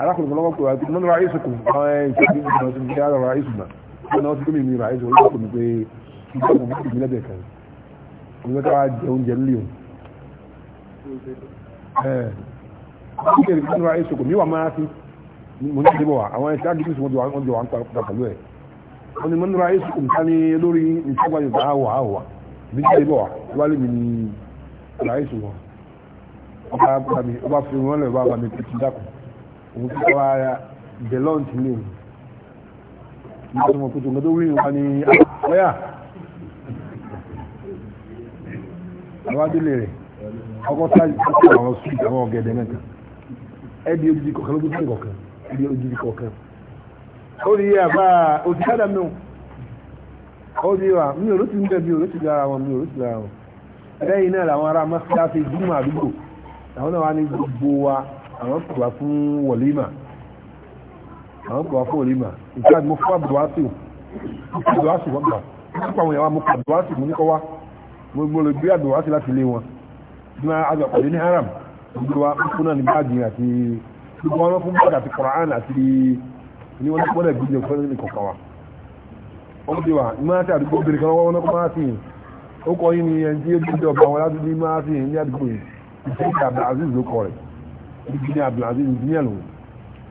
alákòókò lọ́wọ́ pé wà á ti mọ́nà ra ìsìnkú àwọn ìṣèlú ìgbà tó ń ọ̀nà ọtí gómìnà ìrà ẹ̀sùn orí kò ní pé ìgbà òun ti mi lẹ́bẹ̀ẹ́ kan òun lọ́ta wá jẹ oúnjẹ nílé òun. ọtí kẹrin kí ìrà ẹ̀sùn kò ní wà máa sí mo ní ìdíbọ̀ wa àwọn ẹ̀sìn àgbẹ̀kí sùn wọ́n jọ wà ń pa pẹ̀lú ẹ̀. wọ́n ní mo ní ìrà ẹ̀sùn kò nìkan ní lórí ìṣẹ́gbà yorùbá àwọ̀ àwọ̀ bí kí ìdíbọ̀ wa wálé mi ní ìrà ẹ̀sùn wọn. ọba fi wọn nítorí wọn kòtò gbọdọ̀ wíyìn wá ní ah, àwọ̀yà àwádìlẹ̀ rẹ̀ ọgọ́ta ìpínlẹ̀ àwọn sùúrù àwọn ọ̀gẹ̀dẹ̀ mẹ́ta ẹbí ojúdi kọ̀ọ̀kan ló gbọ́dọ̀ kọ̀ọ̀kan ẹbí ojúdi kọ̀ọ̀kan ó rí àbá òtítàdà mi ó rí wa mi ò ló ti ń bẹ̀ mi ò ló ti lára wọn mi ò ló ti lára wọn lẹ́yìn náà làwọn ará mọ́sálásí júmọ̀ àdúgbò àwọn náà wá ní gbogbo wa àwọn kò wá fún wọ̀límà àwọn gbà fún olímà ìtàn mo fún abduwasi abduwasi wọn gbà nípa àwọn ìyàwó mo kọ abduwasi mo ní kọ mo gbọ́dọ̀ gbé abduwasi láti ilé wọn ní àjọ pàdé ní haram gbogbo wa fún náà ní báàgì àti gbogbo wọn fún báàgì àti koran àti ní wọn gbọ́dọ̀ gbígbé fún ní kọkàn wa wọn ti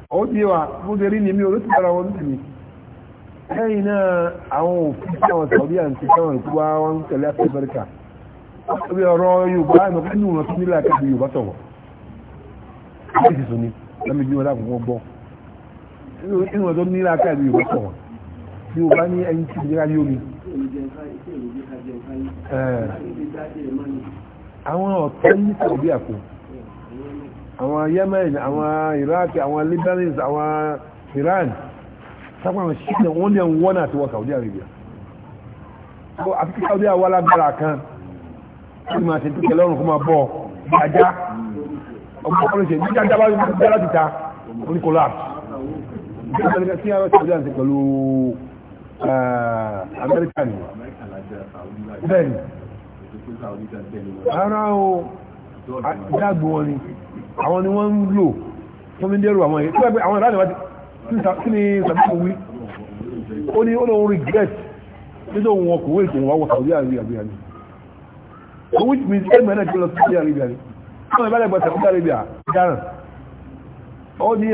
ó ti wà mú ti rí ní mí olóṣù lára wọn tì mí lẹ́yìn náà àwọn òfin tí àwọn sàbí àti táwọn ìlú wa wọn ń tẹ̀lé àti amẹ́ríkà ọ̀rọ̀ yorùbá ẹ̀mọ̀ kí nù wọn tún nílẹ̀ àkàbí yorùbá sọ̀rọ̀ láti sì sùn ní lẹ́mi bí wọn dà fún wọn gbọ́ inú wọn tó nílẹ̀ àwọn ọ̀tọ́ yìí sàbí àkó àwọn yemen àwọn iraq àwọn lebanese àwọn iran sápá àwọn ṣíkẹ̀ wọ́n lè ń wọ́nà àti wọ saudi arabia so àti saudi arabia lágbára kan tí ma ṣe dúkẹ́ lọ́rùn fún ma bọ́ ajá ọmọ ọlọ́ṣẹ́ ní ajá bá jẹ́ láti ta orí collapse ìjọba tí a rọ saudi arabia pẹ̀lú eh, amẹ́ríkà ni ara o dágbò wọn ni àwọn ni wọ́n ń lò wọ́n fi ń dẹ́rù àwọn yìí tí wọ́n pẹ́ àwọn ìlànà kí ni sàbíkò wí ó ní olóhun regret nítorí òun wọn kò wé ìtòun wọ́n wọ Saudi Arabia ni which means ẹgbẹ́ náà ti lọ Saudi Arabia ni wọ́n ìbá lẹ́gbẹ̀ẹ́ ó ní tí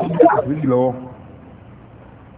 ó ti tẹ́lára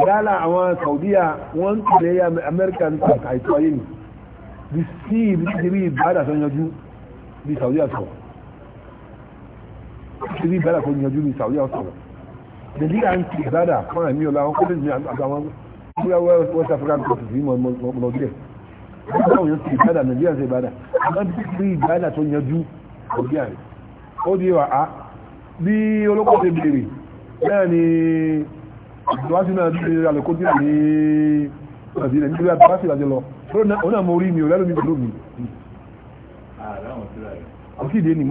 Gala, àwọn Saudiya wọ́n tẹ̀lé Amẹ́ríkà ní àìtọ́ ayé ni bí sí ìbí ìbádà tó yanjú bí Saudiya sọ̀rọ̀ ìbí ìbádà tó yanjú bí Saudiya sọ̀rọ̀ Nàìjíríà ń ti ìbádà fún àmì ọlá wọn kọ́lé ní àtàwọn West African countries yìí mọ̀lọ́dẹ̀ báwọn yóò ti ìbádà Nàìjíríà ṣe ìbádà àwọn bí ìbádà tó yanjú Saudiya rẹ̀ ó di wà á bí olókọ́ ṣe bèrè náà ni àbúwásí náà ti alẹ́kọ́jú ní àbílẹ̀ nítorí àbúwásí ìlàjẹ́ lọ ọ̀nà mọ̀ orí mi ò lẹ́nu mi pẹ̀lú mi ah, àti ìdè ni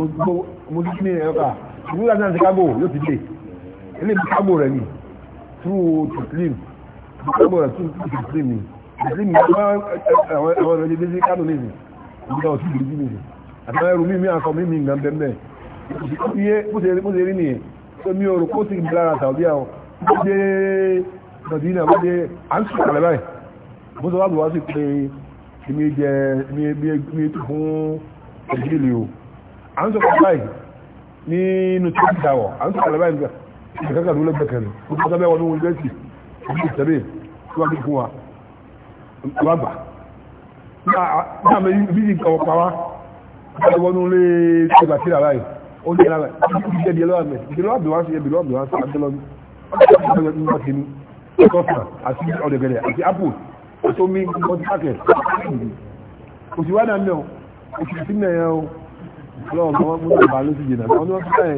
mo ti ní ẹ̀rọ́kà ìlú láti náà Chicago yóò ti dé ilé Chicago rẹ̀ ni through Tislim Chicago rẹ̀ through Tislim ni Tislim ni àwọn ẹ̀rọ ẹ̀jẹ̀ dé Kano ní ìsìn ìgbà òtí ìlú jí nìyẹn àtàwọn ẹrù mímí akọ mímí nǹkan bẹ́ẹ̀ bẹ́ẹ̀ bó ṣe rí nìyẹn tó mi ò rò kó sì ń bí lára Saudi àwọn gbogbo nàìjíríà gbogbo à ń sọ̀rọ̀ kalẹ̀ báyìí bó sọ wáàbù wá sí pé èmi jẹ èmi tó fún nàìjíríà o à ń sọ̀rọ̀ kalẹ̀ báyìí nínú tó ti dàwọ̀ à ń sọ̀rọ̀ kalẹ̀ báyìí nǹkan kan ló lẹ́gbẹ̀ẹ́ kan ó ti sábẹ́ wọnú yunifásitì àti ìtẹ́bẹ̀ tí wọ́n ti fún wa wọ́n gbà náà mi bí ti kọ̀ pa wá wọ́n ti wọnú ní ọ̀dẹ̀gẹ̀dẹ̀ àti ọ̀dẹ̀gẹ̀dẹ̀ àti apple tó mi bọ́dí packet òsì wádà mẹ́ o òsì sí mẹ́ ẹ̀ o lọ́wọ́ kan mú nàbà ló sì jìnà ọdún ọdún ẹ̀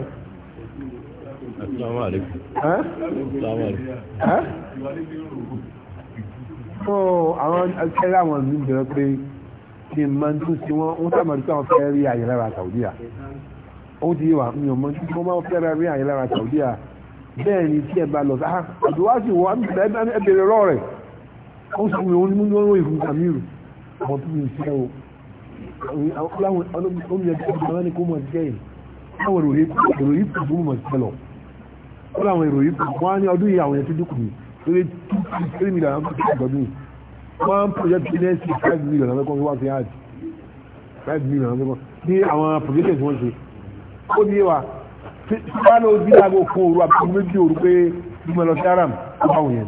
àwọn ẹ̀rẹ́ àwọn ìlú bẹ̀rẹ̀ pé kí n máa tún sí wọn wọ́n sábà rí káwọn fẹ́ rí àyè lára Saudiya ó ti yé wa mi ò mọ̀ tí wọ́n máa fẹ́ rí àyè lára Saudiya bẹ́ẹ̀ ni tí ẹ bá lọ sáà ah, àdúrà sì wọ́n ẹbẹ̀rẹ̀ rọ rẹ̀ ó sì wọ́n ní múlò wọ́n ìfún kàmírù àwọn tó yìí sílẹ̀ o láwọn oúnjẹ tó ti wọ́n ní kó mọ̀ sílẹ̀ yìí láwọn ìròyìn kò tó mọ̀ sílẹ̀ lọ ó láwọn ìròyìn kò wọ́n á ní ọdún yìí àwọn yẹn tó dínkù ní lórí two three three million àwọn tó ti gbọdún yìí one project finance five million àwọn ẹ̀kọ́ wá sí hajj five million àwọn ẹ̀kọ́ ní àwọn project wọ́n ṣe ó ní wa bá ló dí àgbò fún òru àbúrú méjì òru pé dúmọ̀ lọ sí aram báwọn yẹn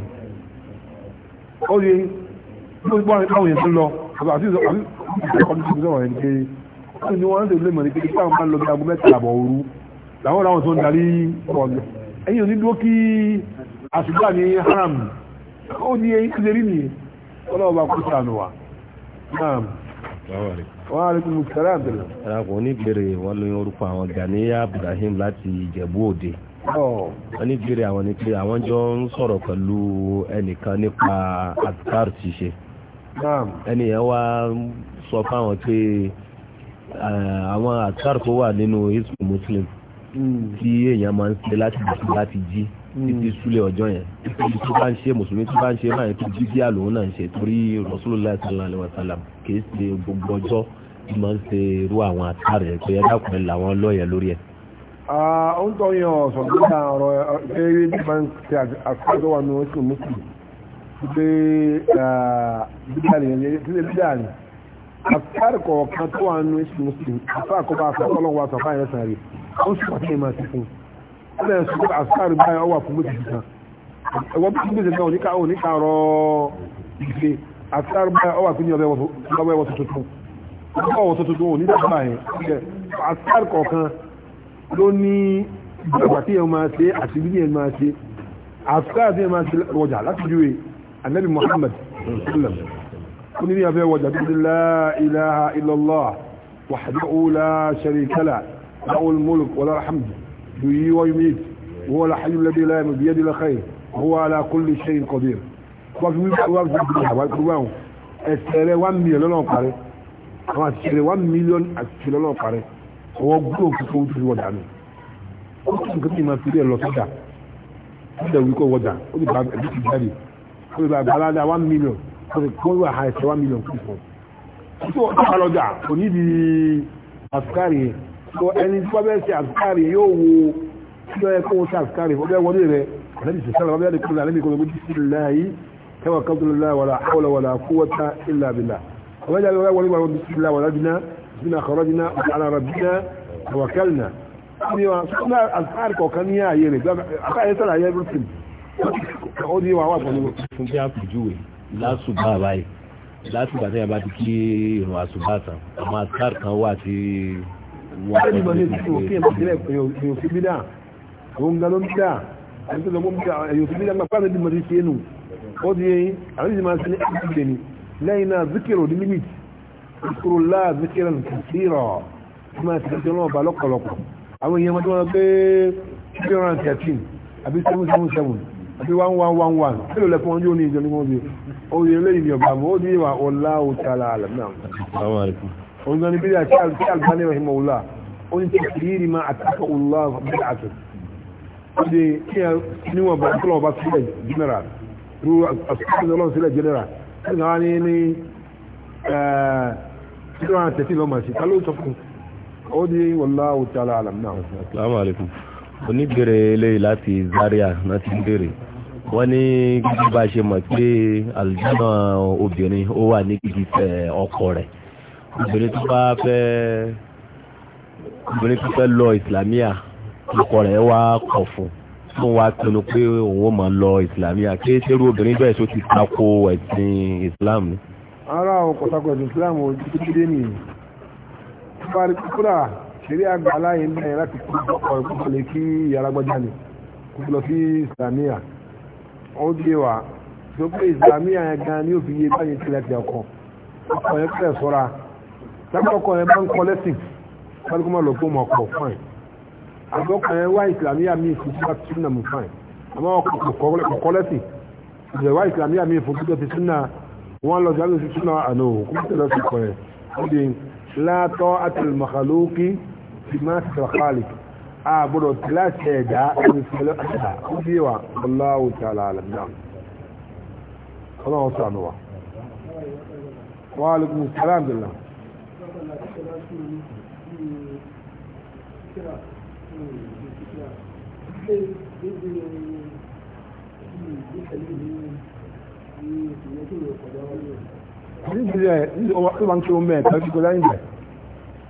ó yẹ bó báwọn yẹn tó lọ àti ìṣẹ́kọ̀ọ́ tó sọ̀rọ̀ yẹn pé wọ́n ni wọ́n ń tẹ̀lé mọ̀ ní pé kí àwọn máa lọ bí aago mẹ́ta àbọ̀ òru làwọn làwọn tó ń darí bọ̀ọ̀lù ẹ̀yìn òní dúró kí àṣùgbà ní haram ó ní ẹ̀yìn tó ọlọ́ọ̀bà kó sànù náà wọ́n á rí kí sẹ́rẹ́ àbẹ̀rẹ̀. ara kò ní bèrè wọn lóyún orúkọ àwọn Ganiya Ibrahim láti Ìjẹ̀bú Òde oh. wọ́n ní bèrè àwọn ni pé àwọn jọ ń sọ̀rọ̀ pẹ̀lú ẹnìkan nípa adkar ti ṣe ẹni yẹn wá sọ fáwọn pé àwọn adkar tó wà nínú Ismu Muslim hmm. tí èèyàn máa ń ṣe láti láti jí títí súlẹ̀ ọjọ́ yẹn ibi tó bá ń ṣe mùsùlùmí tó bá ń ṣe máa tó dídí àlòun náà ń ṣe torí Rasulullah sallallahu alaihi wasallam kìí ṣe gbogbo ọjọ́ tí máa ń ṣe irú àwọn àtàrẹ pé ẹ dákun ẹ làwọn lọ́ọ̀yẹ lórí ẹ. ó ń tọ́ yan ọ̀sán tó dá ọ̀rọ̀ eré bí máa ń ṣe àkọ́jọ́ wa ní oṣù mùsùlùmí pé bídà nìyẹn tí lè bídà ni àtàrẹ kọ̀ọ̀kan tó wà ní oṣù mùsùlùmí àfáàkọ́ bá aṣọ ẹ̀rẹ́ ṣùgbọ́n àṣàrù báyìí ọwà fún méjì kan ẹwọ́n bí méjì náà oníkà oníkà rọ ìfẹ́ àṣàrù báyìí ọwà fún ọwọ́ ẹwọ́ tuntun ọwọ́ tuntun òní dábàá yẹn àṣàrù kọ̀ọ̀kan ló ní ìgbàgbà tí yẹn máa ṣe àti bí yẹn máa ṣe àṣàrù tí yẹn máa ṣe rọjà láti júwe anabi muhammad sallam kú ní bí abẹ́ wọjà يحيي ويميت هو الحي الذي لا يموت بيده الخير هو على كل شيء قدير ẹsẹ̀rẹ̀ one million lọ́nà ọ̀kàrẹ́ àwọn àṣìṣẹ́rẹ̀ one million àṣìṣẹ́ lọ́nà ọ̀kàrẹ́ ọwọ́ gbúrò kíkọ́ ojú fi wọ̀dà mi ó tún nǹkan tí ma fi rí ẹ̀ lọ sọ́jà sọ́jà wí kọ́ wọ̀dà ó ti bá ẹbí ti jáde ó ti bá balada one million ó ti kọ́ wà àìsẹ̀ one million kúrò fún un ó tún wọ́n tó bá lọ́jà kò ní di àfikárì yẹn so ẹni tí wọ́n bẹ́ẹ̀ ṣe àzùkárì yóò wo kí lọ́yẹ kó ṣe àzùkárì wọ́n bẹ́ẹ̀ wọlé rẹ̀ àlẹ́bí ṣe sálà wọ́n bẹ́ẹ̀ kúrò àlẹ́bí kúrò méjì sí láàyè kẹwàá kọ́tù láàyè wàlà àwọlà wàlà kúwọ́ta ìlà bìlà wọ́n bẹ́ẹ̀ wọlé wọlé wọlé sí láàyè wàlà bìnà bìnà kọ̀rọ̀ bìnà àlà rà bìnà àwàkẹ́lìnà sọ́nà àzùkárì kọ̀ọ̀kan ní ààyè rẹ̀ àkáyé sàlàyé rúfin ó ní wàhálà bá ti kí ìrùn àsùbà tán àwọn àzùkárì kan wà tí ẹni bọ̀ ní ti ní ẹ̀kú ìdè ni lẹ́yìn náà zikiru ní limit zikiru láà zikiru kìsìrọ̀ tí máa ṣe kẹsì ọlọ́ọ̀bà lọ́pọ̀lọpọ̀ àwọn èèyàn tó wọn pé three hundred and thirteen àbí seven seven seven àbí one one òun ní bídà tí albani rahimahullah ó ní tẹ̀kìlì ma àtàkà ọlá bídà àtù ó di kí ẹ níwọ̀n bá tọ́lọ̀ bá sílẹ̀ general ru asọ́kùnrin ọlọ́run sílẹ̀ general ó ní wọ́n ní ní ẹ̀ẹ́dẹ́gbẹ̀rún àti tẹ̀sí lọ́mọ̀ sí ta ló sọ fún ó di wallahu ta'ala alam náà. assalamu alaikum oníbèrè eléyìí láti Zaria láti bèrè wọ́n ní gidi ṣe mọ̀ pé àlùjáná obìnrin ó wà ní gidi ọkọ rẹ̀ obìnrin tó bá fẹ́ obìnrin tó fẹ́ lọ ìsìlámíà ọkọ rẹ̀ wá kọ̀ fún fún wa pinnu pé òun ò máa lọ ìsìlámíà kí sẹ́rú obìnrin bẹ́ẹ̀ tó ti tako ẹ̀sìn islam ni. ara àwọn kọ̀tàkọ̀ ẹ̀sìn islam ò ti dé nìyí. parí kúrà ṣeré àgbà aláyé ń bẹ̀rẹ̀ láti kú ọkọ̀ ìkúkọ̀ lè kí yàrá gbọ́jà ni kó lọ sí ìsìlámíà ó dé wa tó pé ìsìlámíà yẹn gan ni ó fi yé báyìí tilẹ̀ tẹ̀ ọkọ̀ ọkọ̀ yẹn kẹ̀ sọ́ra sábàkọ yẹn bá ń kọ lẹ́sìn kálukú máa lọ gbó mọ fine àgbọ̀kọ̀ yẹn wá ìsìlámíyà mi ìfún tí wọ́n ti súnà mú fine àmọ́ ọkọ̀ kọ lẹ́sìn ìjẹ̀ wá ìsìlámíyà mi ìfún tí wọ́n ti súnà wọ́n lọ jáde sí súnà àná òkú tẹ̀lé ọ̀sìn kọ yẹn wọ́n di látọ́ àtẹlẹ̀ ti máa sàkálì àbúrò tìláṣẹ̀ ẹ̀dá ẹni fẹ́lẹ́ àṣà nígbìrì ẹ̀ ní ọwọ́ tó máa ń kí oúnjẹ ẹ̀ka kíkọ láyé ìgbẹ̀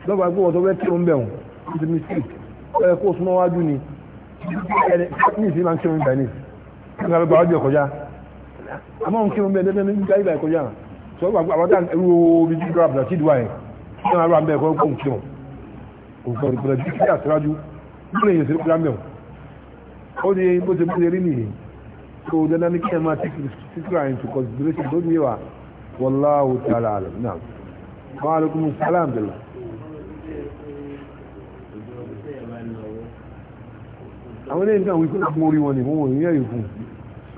lọ́gbà gbọ́ ọ̀dọ́ bẹ́ẹ̀ kí oúnjẹ ọ̀hún ní ti mistake ẹ̀ kó súnmọ́ wájú ni ní ìsinmi máa ń kí oúnjẹ ní ìgbà lọ́gbà wájú ẹ̀kọ́já àmọ́ ń kí oúnjẹ ẹ̀dẹ́gbẹ́ ní ìgbà ìgbà ẹ̀kọ́já sọ wà pé àwọn táwọn ẹrú omi jíjọ àbùdá sí ìdúwà ní ara àmì ẹ̀kọ́ kò ń kí wọn òǹkọ̀ ìpìlẹ̀ jù sí àṣírájú nílé èyí sí pílá mẹ́wọ̀n ó ní bó ṣe bó ṣe rí nìyí tó dandan ní kí ẹ máa tíkì síkìrà into consideration tó níwà wallahu ta'ala alam náà wa alaikum salam bẹ̀rẹ̀ àwọn eléyìí náà wípé kí mo rí wọn ni mo ní ẹ̀rí fún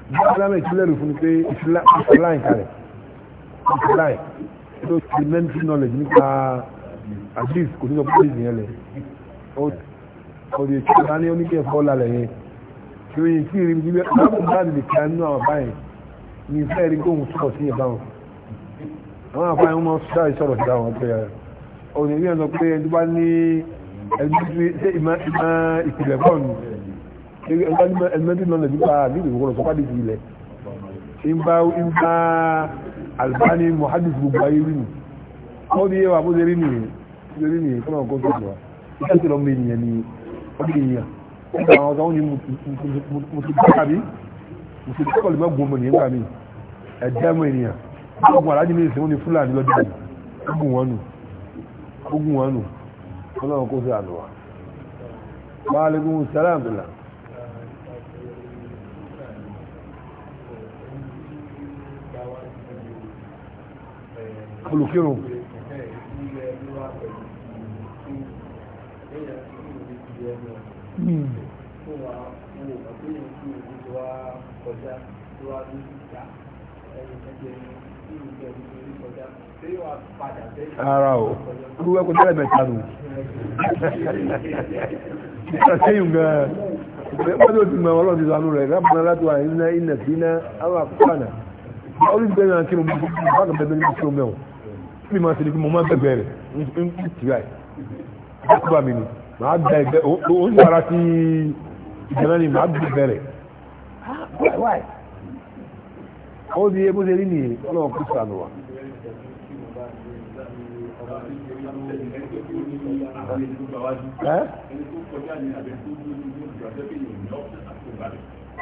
bí alámẹ̀ ìtúlẹ̀ rí fún ni pé ìfìlà tó ti mẹ́ntì knowledge nípa àdìs kò ní sọ pé ìyẹn lẹ̀ ọ̀dẹ̀ tí ó ní oníkẹ́ ẹ̀fọ́ lálẹ́ yẹn tí ó yẹ kí ìrìn níbi láàbùn báàdì lè kí a nínú àwọn báyìí ní ìfẹ́ rí kóhun sọ̀rọ̀ sí ẹ̀bá wọn àwọn àfáà wọn máa sáré sọ̀rọ̀ sí àwọn ọ̀pẹ́ rẹ̀ ọ̀dẹ̀ yẹn sọ pé ẹni bá ní ìpìlẹ̀ pọ̀ nù ẹgbẹ́ ẹgbẹ́ tí wọ́n lè nípa àdìs ìwòkọ̀rọ̀ ìpìlẹ̀ Albani muhaddis gbogbo ayé rí nì ó ní yẹwà bó ṣe rí nì ṣe rí nì kọ́nà kó tó wà iṣẹ́ tí lọ́mọ ènìyàn ni ọdún ènìyàn ó gba àwọn ọ̀sán ó ní mo ti bá àbí mo ti kọ́ lè má gun ọmọ ènìyàn gbà mí ènìyàn ó gun aláàjì méjì sí wọn fúlàní lọ́dún yìí ó gun wọn nù ó gun wọn nù kọ́nà kó tó àlùwà. olùkírun hmm. ara o rúwẹ́ kò tẹ́lẹ̀ mẹ́ta nù ìtàṣẹ́yìn gan-an wọ́n tó ti mọ̀ ọlọ́dún ìlànà rẹ̀ rábùnà látọ̀ àìyíná ìnà sí iná àwọn àkọ́kànà orí ìgbẹ̀rẹ̀ àti ìrùn bá kàbẹ̀bẹ̀ ní ìṣòmẹ́wọ̀n bí ma ṣe ni mo máa bẹ̀gbẹ̀ rẹ̀ ń kú tìrà ẹ̀ ẹ̀kú bá mi ni màá gba ẹgbẹ́ òun ní ara ti ìjọba ni màá bẹ̀gbẹ̀ rẹ̀ ó di ebó ṣe rí ni ọlọ́wọ́ kú sànù wa. ẹ̀ẹ́n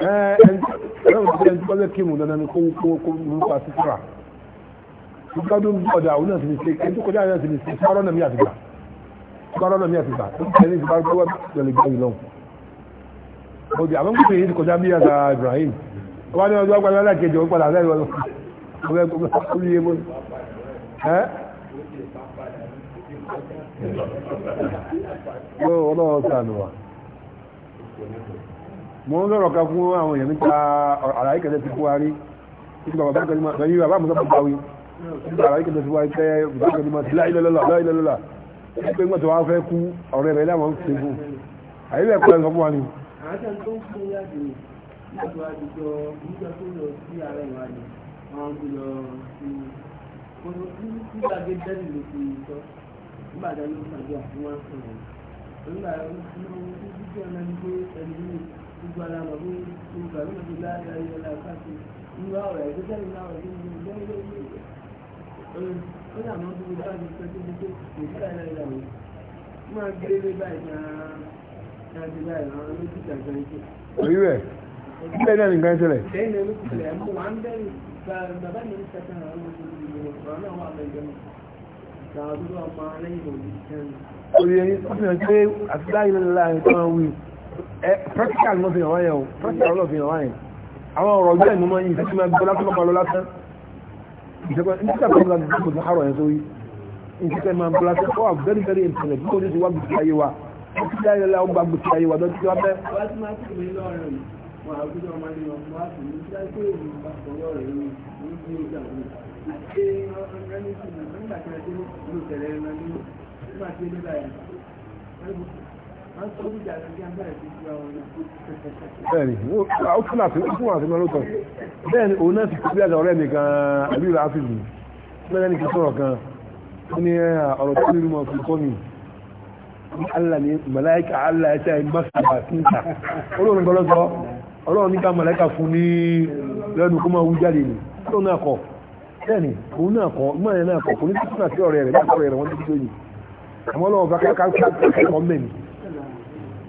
ẹ̀ẹ́n ẹ̀ẹ́n ẹ̀ẹ́n kọ́lẹ́ kí mu dandan ni kó kó kó nípa sísúra gbọ́dún ọjà òun náà ti ní ṣe ẹni tó kọjá náà ti ní ṣe bárọ́ náà mi àti gbà bárọ́ náà mi àti gbà tó kẹ́ ní ìbára gbọ́wọ́ lọ́lẹ̀ gbà yìí lọ́wọ́ òdì àwọn gbèsè yìí ti kọjá bí àgbà Ibrahim wọ́n ní ọjọ́ gbàdúrà kejì ó padà lẹ́yìn ọlọ́pàá ọgbẹ́ gbogbo ọlú yé mọ́ni ẹ́ yóò ọlọ́wọ́ sànù wa mo ń lọ́rọ̀ kan fún àwọn èèyàn nípa àlàyé kẹ̀lẹ́ ti kú wa rí nígbà àríkè tó ti wáyé pé ìbákan ní ma ti láìlọ́lọ́lá láìlọ́lọ́lá pé ń gbọ́tọ̀ wá fẹ́ kú ọ̀rẹ́ rẹ̀ láwọn ti fún àyè rẹ̀ pẹ́lú ọkùnrin wa ni. Gbogbo ara mọ̀ bí gbogbo àlọ́ mọ̀ bí láàrin ayé ọlá káàkiri. Nígbà ọ̀rẹ́ ìgbésẹ̀ nígbà ọ̀rẹ́ ìgbésẹ̀ nígbà ọ̀rẹ́ ìgbésẹ̀ ó ní àwọn tó ń bá mi pẹ́ síbi tó kò sí àìláìlá o máa gbé lé báyìí náà náà ti báyìí náà ló ti dàgbà ìṣe. òyìn rẹ̀ ilé náà nìkan ṣẹlẹ̀. lẹ́yìn náà ló kù sílẹ̀ mú wa ń bẹ̀rù bàbá mi ń ṣẹ̀ṣẹ̀ àwọn ọmọ ìgbìmọ̀ náà wà lẹ́gbẹ̀ẹ́ mi. Ìgbàgbọ́ ọmọ lẹ́yìn òbí kẹrin. Oye, ó fi hàn pé àti láyé láyé tó máa ń wí practical ló fi hàn wáyé o practical ló fi hàn wáyé àwọn ọ̀rọ̀ ọjọ́ ìmúmọ́ yìí tí máa gbọ́ látọ́lọ́pàá lọ ìjọba nígbà tó ń lọ nígbà tó ń harọ yẹn sórí nǹkan máa ń bọ́lá sí ọ́ very very important bí kò ní ti wá gbèsè ayé wa ó ti dáyé la ó gba gbèsè ayé wa lọ́dún tí wọ́n bẹ́. wọ́n ti máa ń tẹ̀lé lọ́rùn wọn àwùjọ ọmọ ní ọmọ wa sì ní sílá pé èyí bá sọ lọ́rọ̀ yìí ní ti ìjà òun àti ọ̀rẹ́ ní ti nígbà tí wọ́n ti ń lò tẹ̀lé bẹ́ẹ̀ni ó fún àti fún àti mọ́ lóòtọ́ bẹ́ẹ̀ni òun náà ti kú bí àjà ọ̀rẹ́ mi kan àbí ìlà áfíìsì lẹ́yìn ní kí sọ̀rọ̀ kan ó ní ọ̀rọ̀ tó nínú mọ̀ fi kọ́ mi Allah ni màláíkà Allah ẹ̀ṣẹ́ ìgbàsàbà síta olóòrùn kan lọ́sọ ọlọ́run níta màláíkà fún ní lẹ́nu kó máa wú jáde ni ó náà kọ̀ bẹ́ẹ̀ni òun náà kọ̀ mọ́ ẹ̀ náà kọ̀ kò ní sí fún àti ọ̀rẹ́ rẹ̀ láti ọ̀rẹ́ rẹ̀ wọ́n ti dúró yìí àmọ́ ọlọ́run bá ká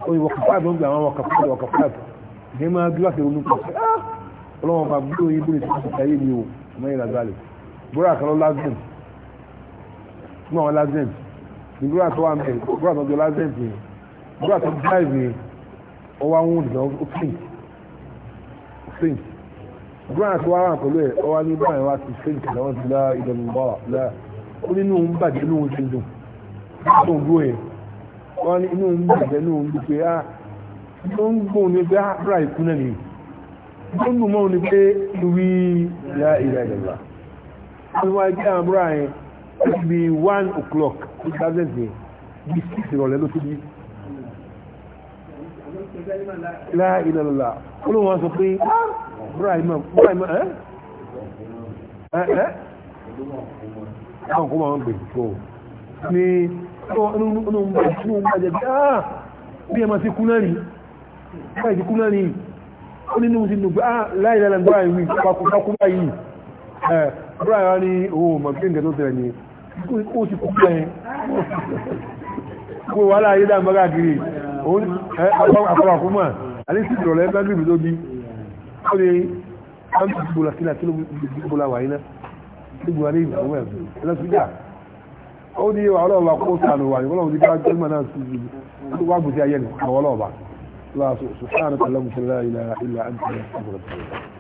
oye wọ̀kàfáàbù wọ́n gbà àwọn wọ̀kàfáàbù wọ̀kàfáàbù ní máa gíláàsì ronú kò sí ah, ọlọ́wọ́n bá gbé oyin bóyá tó ti ayé mi o ọmọ yìí làzálẹ̀ bóra kan lọ lázẹ̀m fún àwọn lázẹ̀m ní bóra tó wà mẹ́ bóra tó jọ lázẹ̀m yẹn bóra tó dáìbì ọwọ́ àwọn òdìdá òfint òfint bóra tó pẹ̀lú ẹ̀ ọwọ́ ní bóra wa ti fint lọ́wọ́ ti lá ìdọ̀nù bọ́ọ̀ ó nínú ń bàjẹ́ lóhun ti dùn wọ́n ní inú ń bàjẹ́ ní òun dúpẹ́ á ló ń gbóhùn ní pé ábúrà ah, ah, ìkú náà ni ló ń gbóhùn ní pé wí ya ìlà ìdàgbà wọ́n wá jẹ́ àbúrà yẹn láti bí one o'clock ní gazette yẹn bí six ìrọ̀lẹ́ ló tó bí. láà ìlà ìlà ó ló wọn sọ pé ábúrà ah, yìí máa búrà yìí máa ẹ́ ẹ́ ẹ́ àwọn kò máa ń gbè tó ní onínú sí nùgbà láìlẹ́lẹ́gbà ìwé pàkùnkà yìí ẹ̀ bíra ní ohun mọ̀gbíǹdẹ̀ tó tẹ̀lẹ̀ ní kó sì kú pẹ́ kó wà láàyé dámbára kiri àkọ́wàkúnmà alẹ́sì ìrọ̀lẹ́ gbágbìbì tó bí ó ní àmì ìgbòlà sílà tí ó gbòlà wà ó ní ọlọ́ọ̀bà kó sànù wà ní ọlọ́ọ̀bà ní ká jẹ́mọ̀ náà sí ibi tó wà gbèsè ayé ní ọlọ́ọ̀bà lọ́wọ́ sùfàánù kàlọ́mùsílẹ̀ ilẹ̀ ilẹ̀ àti ìṣẹ́gun